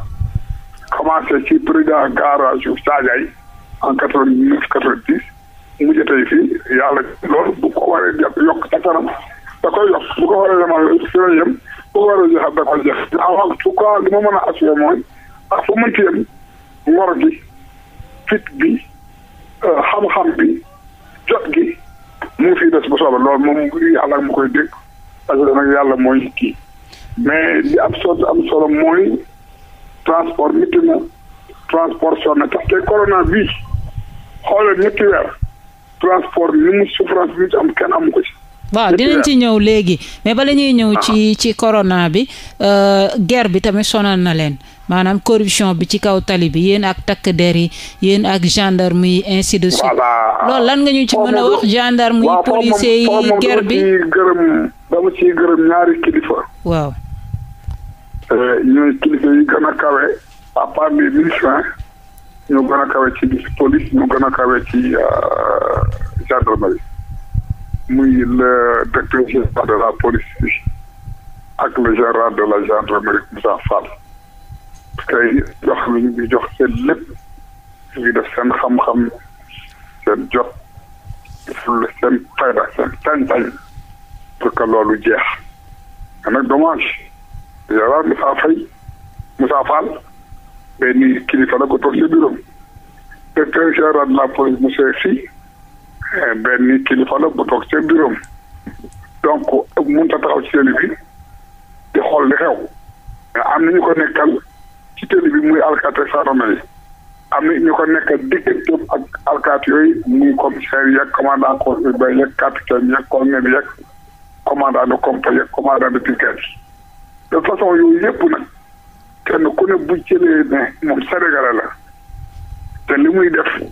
commencé ci président garage Sadiaye en quatre vingt neuf quatre vingt dix mujj tey yàlla loolu bu ko waree yokk ca da koy yokk bu ko war a yemal si la yem bu ko war a jeexal da koy jeex en tout ma mën a assuré mooy ak fu mënti yem ngor gi fit bi euh, xam-xam bi jot gi mu ngi fiy des ba soobee loolu moom yàlla mu koy dégg parce que nag yàlla mooy kii mais ab am solo am solo mooy transport métti na transport sonn tax te ñetti weer transport ni mu souffrance am kenn amu ko ci. waaw dinañ ci ñëw léegi mais bala ñuy ñëw ci ah. ci corona bi euh, guerre bi tamit sonal na leen maanaam corruption bi ci kaw tali bi yéen ak takk der yi yéen ak gendarme yi ainsi de suite loolu lan nga ñu ci mën a wax gendarme yi policier yi bi gërëm dama ciy gërëm ñaari euh, gën a kawe à part les miliciens gën a kawe ci police ñoo gën a kawe ci euh, gendarmerie muy le directeur général de la police ak le général de la gendarmerie Moussa Fall tey jox li ñu ngi jox seen lépp ñu def seen xam-xam seen jot ful seen fayda seen tañ-tañ pour que loolu jeex mais nag dommage général Moussa Faye Moussa Fall benn kilifa la ko toog ci bureau général de la police monsieur Sy Eh, benn kilifa la bu toog seen bureau donc mënut a taxaw ci télé bi di xool li xew mais am na ñu ko nekkal ci télé bi muy alkaati Sarome yi am na ñu ko nekkal digganteem ak alkaati yooyu muy commissaire yeeg commandant corps urbain yeeg capitaine yeeg colonel yeeg commandant de compagnie yeeg commandant de brigade de façon yooyu yëpp nag kenn ku ne bu jëlee ne moom Sénégalais la te li muy def.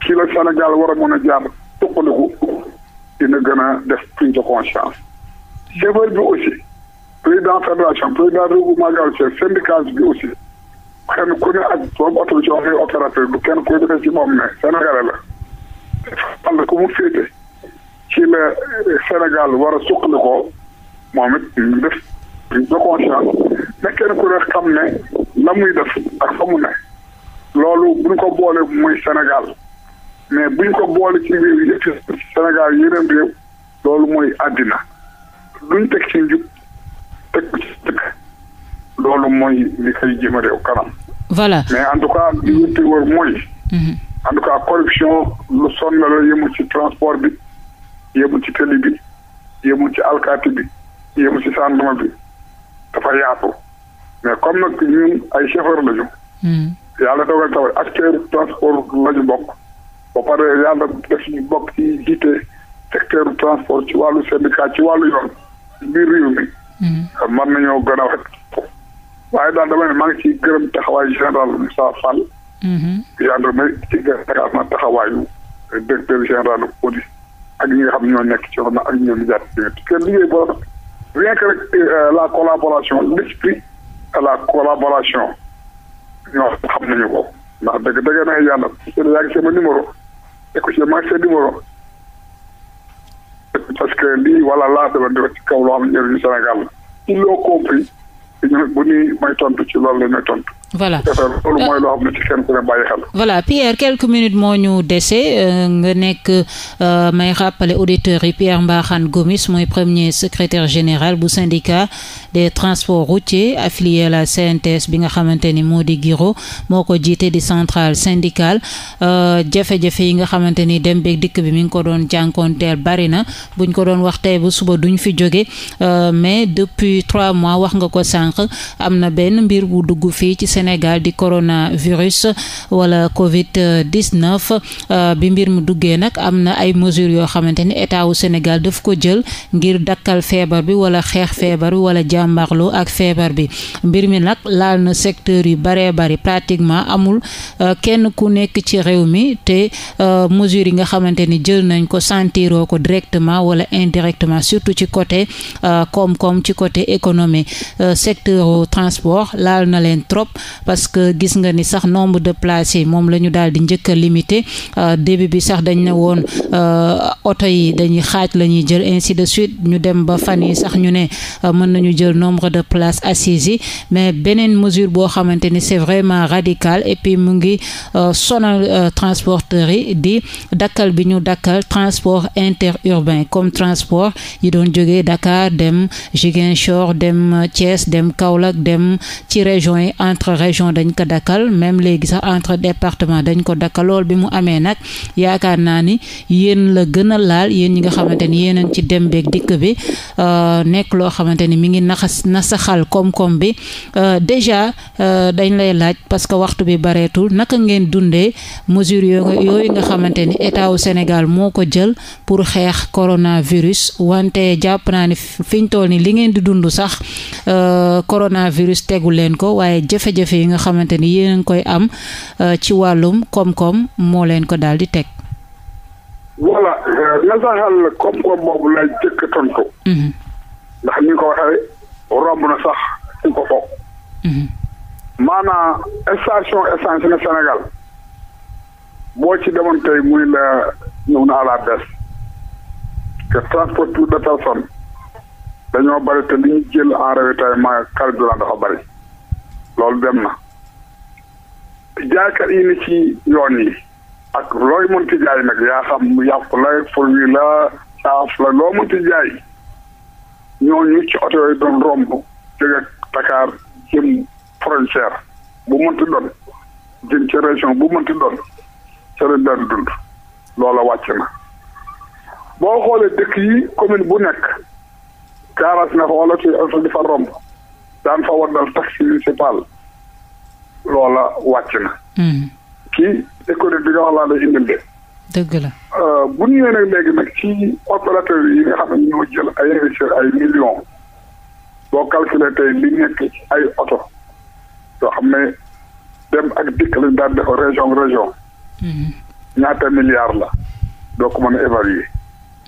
ci eh, la Sénégal war a mën a jaar tuqaliku dina gën a def prise de conscience chauffeur bi aussi président fédération président regroupement gaal syndicat bi aussi kenn ku ne ak boobu oto bi ci wax opérateur du kenn ku defee ci moom ne Sénégalais la fàll ku mu féete ci eh, Sénégal war a suqalikoo moom it def prise de conscience mais kenn ku ne xam ne la muy def ak fa ne loolu buñ ko boole mooy Sénégal mais buñ ko boole ci réew yëpp Sénégal yeneen réew loolu mooy àddina luñ teg ci njub teg ci dëkk loolu mooy li koy jëma réew kanam mais en tout cas li wétti wër mooy mhm. en corruption lu sonn la yemul ci transport bi yemul ci télé bi yemul ci alkaati bi yemul ci sànduma bi dafa yaatu mais comme nag ñun ay chauffeur lañu mhm. yàlla dogal tamit acteur transport la ñu bokk ba pare yàlla def ñu bokk ci jiite secteur transport ci wàllu syndicat ci wàllu yoon ci biir réew mi. Hmm. mën nañoo gën a wax waaye daal dama ne maa ngi ciy gërëm taxawaayu général Moussa Fall. gendarmerie hmm. ci gërëm na taxawaayu directeur général police ak ñi nga xam ñoo nekk ci yoon ak ñoom ñu jàppale te liggéey boo rien que rek euh, la collaboration l'esprit à la collaboration. ñoo xam nañu ko ndax dëgg dëgg na yàlla seen yaa ngi sama numéro tegu ci marché numéro parce que lii wala laa dama def ci kaw loo xam ne njëriñu Sénégal la. il loo compris te ñun bu ñuy may tontu ci loolu la ñuy tontu. voilà voilà Pierre quelques minutes moo ñu dese euh, nga nekk euh, may rappelé auditeurs yi Pierre Mbakhane Gomis mooy premier secretaire général bu syndicat des transports routiers affilié la CNTS bi nga xamante ni moo di Giro moo ko jiite di centrale syndicale euh, jafe-jafe yi nga xamante ni dem beeg dikk bi mi ngi ko doon jànkoonteel bari na buñ ko doon wax tey bu suba duñ fi jóge mais depuis trois mois wax nga ko sànq am na benn mbir bu dugg fii ci. Sénégal di coronavirus wala Covid 19 euh, bi mbir mu duggee nag am na ay mesures yoo xamante ni état wu Sénégal daf ko jël ngir dakkal feebar bi wala xeex feebar bi wala jàmbaarloo ak feebar bi mbir mi nag laal na secteur yu baree bari pratiquement amul euh, kenn ku nekk ci réew mi te euh, mesures yi nga xamante ni jël nañ ko sentiroo ko directement wala indirectement surtout ci côté koom-koom ci côté économie secteur transport laal na leen trop parce que gis nga ni sax nombre de places yi moom la ñu daal di njëkk a limité euh, début bi sax dañ ne woon euh, oto yi dañuy xaaj la ñuy jël ainsi de suite ñu dem ba fan yi sax ñu ne euh, mën nañu jël nombre de places assises yi mais beneen mesure boo xamante ni c'est vraiment radical et puis mu ngi sonal transporteurs yi di dakkal bi ñu dakkal transport interurbain comme transport yi doon jógee Dakar dem Ziguinchor dem Thiès dem Kaolack dem ci région yi entre région dañ ko dakkal même léegi sax entre département dañ ko dakkal lool bi mu amee nag yaakaar naa ni yéen la gën a laal yéen ñi nga xamante ni yéen ci dem beeg dikk bi euh, nekk loo xamante ni mi ngi naxas na nasaxal koom-koom bi euh, déjà euh, dañ lay laaj parce que waxtu bi bareetul naka ngeen dundee mesures yooyu nga xamante ni état wu Sénégal moo ko jël pour xeex coronavirus wante jàpp naa ni fiñ toll ni li ngeen di dund sax coronavirus tegu leen ko waaye jafe-jafe jafe nga xamante ni yéen koy am euh, ci wàllum koom-koom moo leen ko dal di teg. voilà euh, nasaxal ko koom boobu lay jëkk tontu. Mhm. ndax ni ko waxee romb na sax ñu ko foog. Mhm. maanaam station essence na Sénégal boo ci demoon tey muy la ñëw na à la baisse que transport de personnes dañoo bari te li ñu jël en ravitaillement carburant dafa bari. loolu dem na jaaykat yi ni ci yoon yi ak looy mënti jaay nag yaa xam yàpp la furwi la saaf la loo mënti jaay ñooñu ci oto yooyu doon romb jóge Dakar jëm frontière bu mënti doon jëm ci région bu mënti doon ca lañ daan dund loola wàcc na boo xoolee dëkk yi commune bu nekk garage na fa ci oto di romb daan fa waddal taxi municipal loola wàcc na. kii hmm. économie bi nga wax laa lay indil de. dëgg la. Euh, bu ñu nee léegi nag ci opérateur yi nga xam ne ñoo jël ay investir ay million boo calculer tey li nekk ay oto yoo xam ne dem ak dikk lañ daan defa région région. Hmm. ñaata milliards la doo ko mën évaluer.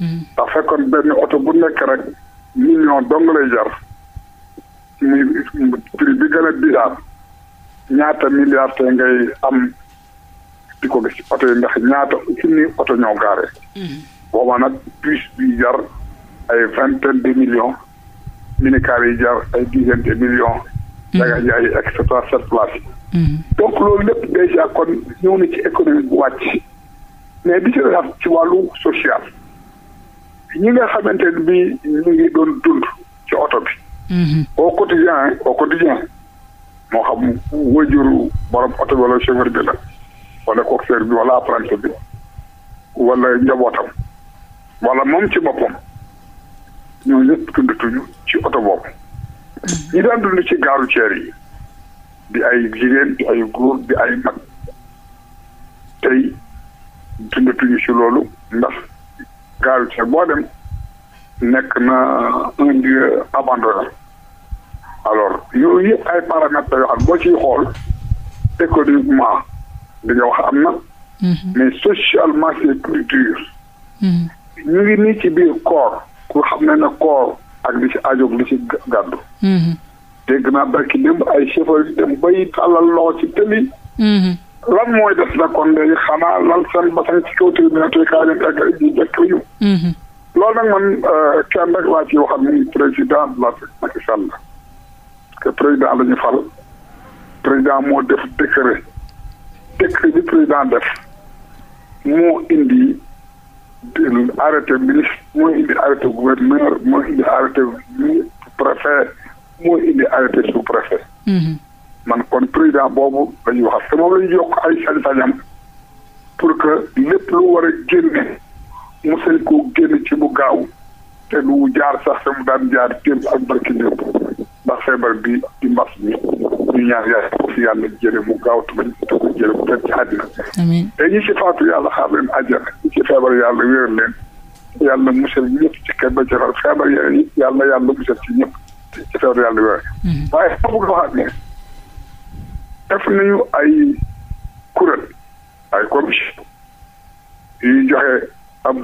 Hmm. ndax fekkoon benn oto bu nekk rek million dong lay jar. muy bi gën a bizarre ñaata milliards te ngay am di ko gis ci oto yi ndax ñaata junni oto ñoo gaare mm-hmm. booba nag bus bi jar ay vingtaine de million minicar yi jar ay dizaine de millions mm-hmm. jaay et cetera mm-hmm. donc loolu lépp déjà kon ñëw na ci économie bu wàcc mais bi ci def ci wàllu social ñi nga xamante ne bi ñu ngi doon dund ci oto bi Mm-hmm. au quotidien hein, au moo xam wajuru borom oto bi wala chauffeur bi la wala coxeur bi wala apprenti bi wala njabootam wala moom ci boppam ñoo ñëpp dundatuñu ci oto boobu mm-hmm. ñi daan dund ci gaaru ceer yi di ay jigéen di ay góor di ay mag tey dundatuñu ci loolu ndax gaaru ceer boo dem nekk na un alors yooyu yëpp ay paramètres yoo xam boo ciy xool économiquement li nga wax am na. Mhm. mais socialement c'est plus mhm. ñu ngi nii ci biir koor ku xam ne na koor ak li ci aajoog li ci gàddu. Mhm. dégg naa barki démb ay chauffeur yi dem bay tàllal loxo ci tëli. lan mooy def na kon léegi xanaa lan seen basan ci kaw tribunal kaa leen ak ñu jekk ñu. loolu nag man euh, kenn rek laa ciy waxal muy président de la Macky que président la fal président moo def décret décret bi président def moo indi arrêté ministre moo indi arrêté gouverneur moo indi arrêté préfet moo indi arrêté sous préfet. Mhm. man kon président boobu la ñuy waxal te moom la yokk ay sañ-sañam pour que lépp lu war génne mu sañ koo génne ci bu gaaw te lu jaar sax te mu daan jaar démb ak barki démb. ndax feebar bi di mbas bi ñu ñaan yàlla ko fi yàlla jële mu gaaw te bañ te ko jële te ñi ci faatu yàlla xaar leen àjjana ñi ci feebar yàlla wéral leen yàlla musal ñëpp ci kenn ba jaral feebar yeneen yi yàlla yàlla musal ci ñëpp ci feebar yàlla wéral waaye ma bëgg waxaat ne def nañu ay kuréel ay commission yuy joxe ab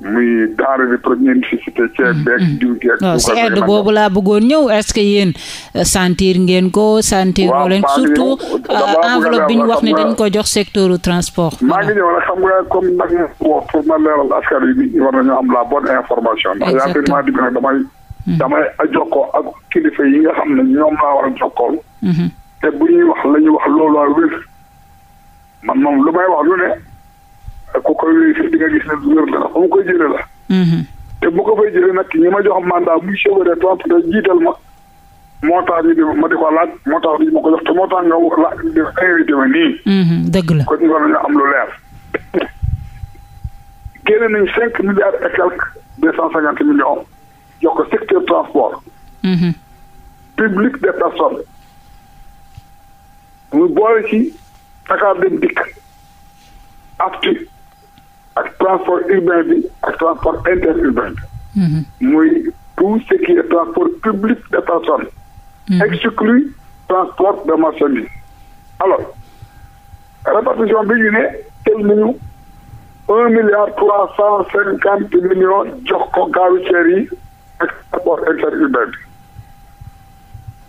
muy denrée de première nécessité ceeb beeg diw geeg si aide boobu laa bëggoon ñëw est-ce que yéen euh, sentir ngeen ko sentir woo leen surtout euh, enveloppe wax ne dañ ko jox secteur transport maa ngi ñëw nag xam nga comme nag mo wax pour yi nit ñi war nañu am la bonne information ndax yaakaar di bi nag damay mm-hmm. damay a jokkoo ak kilifa yi nga xam ne ñoom laa war a jokkool mm-hmm. te wax la wax loolu wér man moom lu may wax lu ne nga gis ne wér la ba mu koy jëlee la. Mhm. te bu ko fay jëlee nag ñi ma jox mandat muy chevaux de traite te jiital ma moo tax ñu di ma di ko laaj moo tax ñu ma ko jox te moo tax nga laaj di invité ma nii. Mhm, dëgg la kon war nañu am lu leer. génne transport. Mhm. mu boole ci Dakar Dem Dikk. AFTU ak transport urbain bi ak transport interurbain bi. Mhm. muy tout ce qui est transport public de personnes. Mhm. exclu transport de marchandise. alors répartition bi ñu ne tey nañu un milliard trois cent cinquante millions jox ko gare routière yi ak transport interurbain bi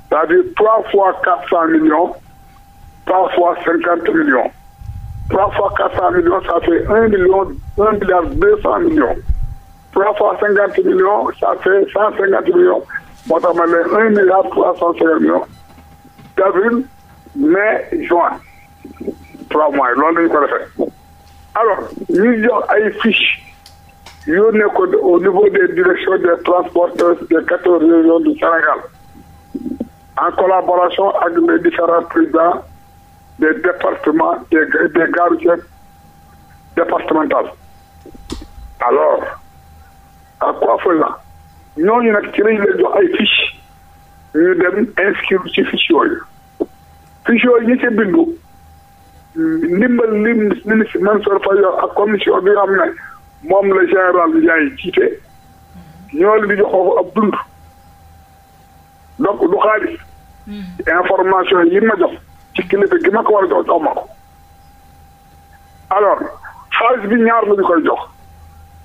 c'est-à-dire cent millions trois fois cinquante millions. 3 fois 400 millions, ça fait 1 million, 1 milliard 200 millions. 3 fois 50 millions, ça fait 150 millions. moo tax ma ne 1 milliard 350 millions d'avril, mai, juin. 3 mois loolu la ñu ko defee. alors ñu jox ay fiches yónnee ko au niveau des directions des transporteurs des 14 régions du Sénégal en collaboration ak les différents des départements des des gares routières départementales alors à ñooñu nag ci lañ leen jox ay fiche ñu dem inscrire ci fiche yooyu fiche yooyu ñi ca bindu ndimbal li ministre Mansour Faye yor ak commission bi nga xam moom la général Ndiaye jiite ñoo leen di jox ab dund donc du xaalis hmm. information yi ma jox ci kilifa gi ma ko war a jox jox ma ko bi ñaar la ñu koy jox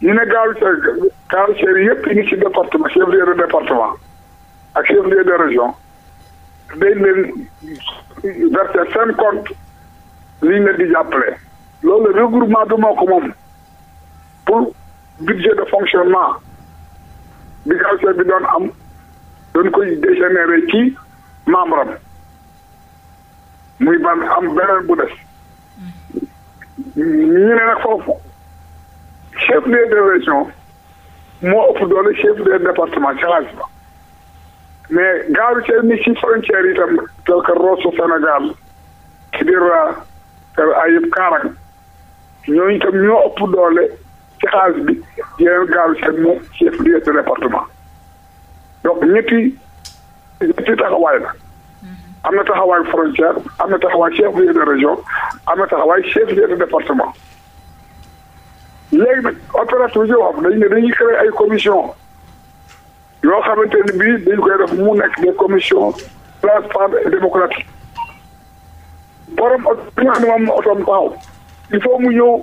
ñu ne gaaru ceeb gaaru ceeb yëpp yi ngi ci département chef lieu de département ak chef de région day leen verser seen compte liñ leen di jàppale loolu regroupement bi moo ko moom pour budget de fonctionnement bi gaaru ceeb bi doon am doon koy dégénérer ci membre am muy ban am beneen bu des ñu ne nag foofu chef de région moo ëpp doole chef de département ci xaalis ba mais gaaru ci ni ci frontière itam tel que Rosso Sénégal Kidira ayib Karang ñooñu itam ñoo ëpp doole ci xaalis bi yeneen gaaru ci moom chef de département donc ñetti ñetti taxawaay la am na taxawaay frontière am na taxawaay chef lieu de région am na taxawaay chef lieu de département léegi nag opérateur yi wax dañ ne dañuy créer ay commission yoo xamante ne bii dañ koy def mu nekk de commission transparentes et démocratiques borom oto bi xam ne moom moo otoom il faut mu ñëw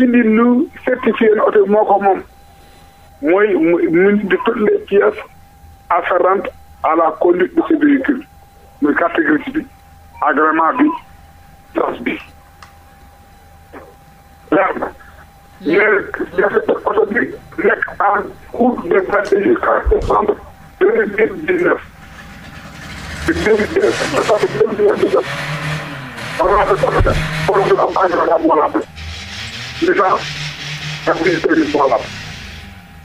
indi lu certifié ne oto moo ko moom mooy mu de toutes les pièces afférentes à la conduite de ce muy carte grise bi agrément bi tos bi leer na léegi oto bi nekk en cours de stratégie en décembre deux mille dix neuf deux mille dix neuf décembre deux mille dix neuf am agrément valable licence ak service valable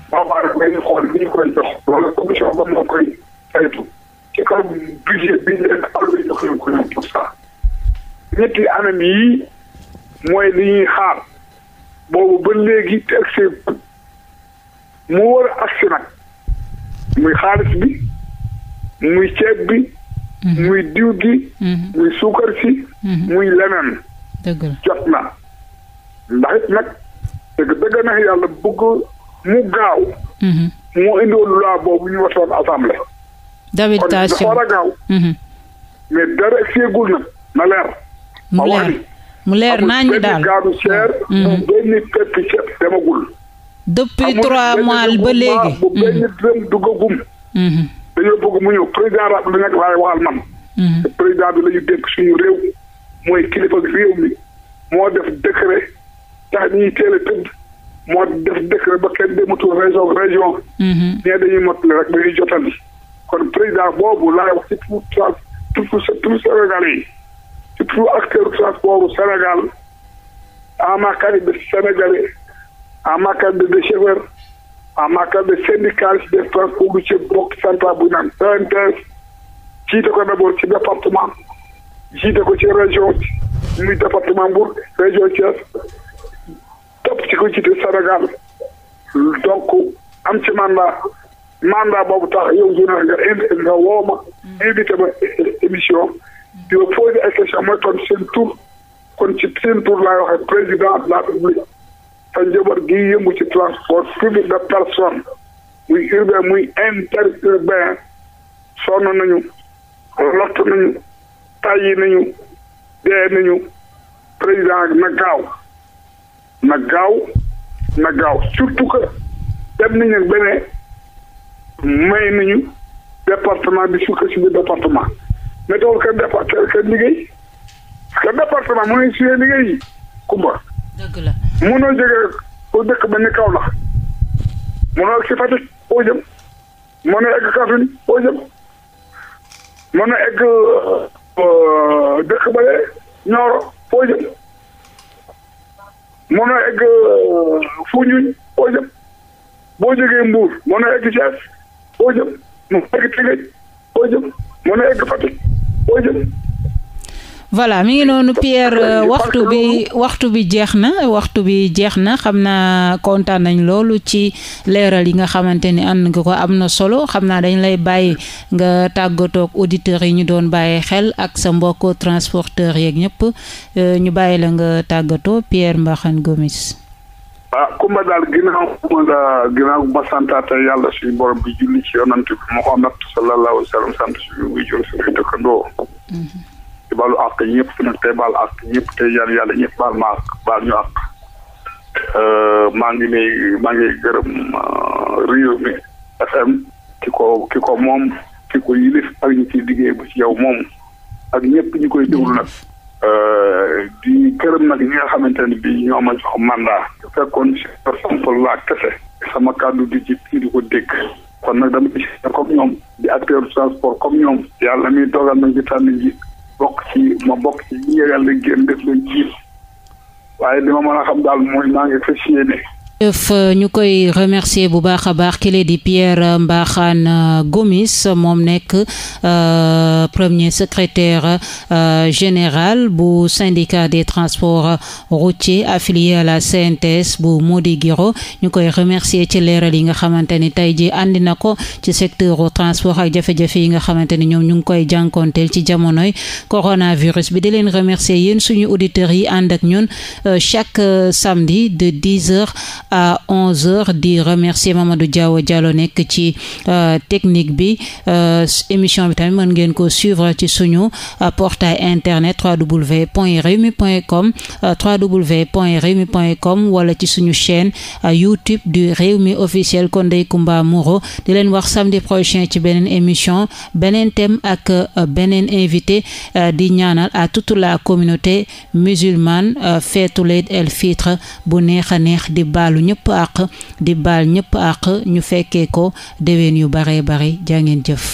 boobaa rek may ñu xool bi ñu koy jox wala commission ba moo koy saytu ci kaw budget bi ñu leen ñetti anam yi mooy li ñuy xaar boobu ba léegi te accès mu war a accès nag muy xaalis bi muy ceeb bi mhm. muy diw gi mhm. muy suukar ci mhm. muy leneen jot na ndax nag dëgg dëgg na yàlla bëgg mu gaaw moo indiwoon loi boobu ñu watoon assemblée d'habilitation kon dafa war a gaaw. Mhm. mais dara séegul na na leer. mu leer mu leer naa ñu daal mhm. amul benn gaanu cher. benn pepp cher demagul. depuis trois mois ba léegi bu mhm. benn dërëm duggagum. dañoo bëgg mu ñëw président rab li nekk laay waxal man. te bi la ñu suñu réew. mooy kilifa réew mi moo def décret tax ñuy teel a tëdd moo def décret ba kenn dematul région région. mais dañuy mottali rek ba ñuy jotandi. kon président boobu laay wax ci tout trans tout tout Sénégalais yi ci tout acteur transport Sénégal en matière de Sénégalais en matière de chauffeur en de syndicaliste des transports routiers bloc central bu ñu naan CNTS jiite ko d'abord ci département jiite ko ci région muy département Mbour région Thiès topp ci ko jiite Sénégal donc am ci mandat mandat boobu tax yow journal nga indi nga woo ma mm. invité ma émission mm. di ma posé ay question mooy kon seen tur kon ci seen tur laay waxee président de la ta sa njaboot gi yëngu ci transport public de personne muy urbain muy interurbain sonn nañu lott nañu tàyyi nañu dee nañu président na gaaw na gaaw na gaaw surtout que dem nañu beneen may nañu département bi suuf si biir département mais teewul kenn départ kenn liggéey kenn département mënuñ si liggéey kumba. dëgg la mënoo jógee ko dëkk ba ni Kaolack mënoo egg si Fatick foo jëm mënoo egg Kaffrine foo jëm mënoo egg euh, euh, dëkk ba de Nioro foo jëm mënoo egg euh, Foundiougne foo jëm boo jógee Mbour mënoo egg Thiès. foo mu voilà mi ngi noonu Pierre waxtu bi waxtu bi jeex na waxtu bi jeex na xam naa kontaan nañ loolu ci leeral yi nga xamante ni ànd nga ko am na solo xam naa dañ lay bàyyi nga tàggatook auditeurs yi ñu doon bàyyi xel ak sa mbokk transporteurs yeeg ñëpp euh, ñu bàyyi la nga tàggatoo Pierre mbaxan Gomis ah kumba daal ginnaaw ma la ginnaaw ma santaate yàlla suñu borom bi julli ci yonante bi Muhammad sallallahu alayhi wa sallam sant suñu muy jur suñu dëkkandoo mhm. àq ñëpp nag tey baal àq ñëpp tey yàlla yàlla ñëpp baal ma àq baal ñu àq euh, maa ngi lay maa ngi gërëm euh, Rewmi FM ki ko ki ko moom ki ko yilif ak ñi ciy liggéey bu ci yow moom ak ñëpp ñu koy déglu nag Euh, di gërëm nag ñi nga xamante ne bii ñoo ma jox mandat. su fekkoon secteur Sampol laa kese. sama kàddu di ci kii di ko dégg. kon nag dama gis comme ñoom. di acteur transport comme ñoom. yàlla mi dogal nañ ci tànn ji. bokk ci ma bokk ci ñi yàlla génn def leen jiit. waaye li ma mën a xam daal mooy maa ngi fas yéene. jëf ñu koy remercier bu baax a baax kile di Pierre Mbakhane euh, Gomis moom nekk euh, premier secrétaire euh, général bu syndicat des transports routiers affilié la CNTS bu Modiguiro ñu koy remercier ci leeral yi nga xamante ni tey ji indi na ko ci secteur transport ak jafe-jafe yi nga xamante ni ñoom ñu ngi koy jànkonteel ci jamonoy coronavirus bi di leen remercier yéen suñu auditeurs yi ànd ak ñun chaque samedi de 10 heures à 11h di remercier Mamadou Diaw Diallo nekk ci euh, technique bi euh, émission bi tamit mën ngeen ko suivre ci suñu euh, portail internet www.rewmi.com com wala ci suñu chaîne YouTube du Rewmi officiel kon Ndeye Comba Moreau di leen wax samedi prochain ci beneen émission beneen thème ak beneen invité di ñaanal à toute la communauté musulmane feetu Eid el Fitr bu neex a neex di baalu baalu ñëpp àq di baal ñëpp àq ñu fekkee ko déwén yu baree bari jaa jëf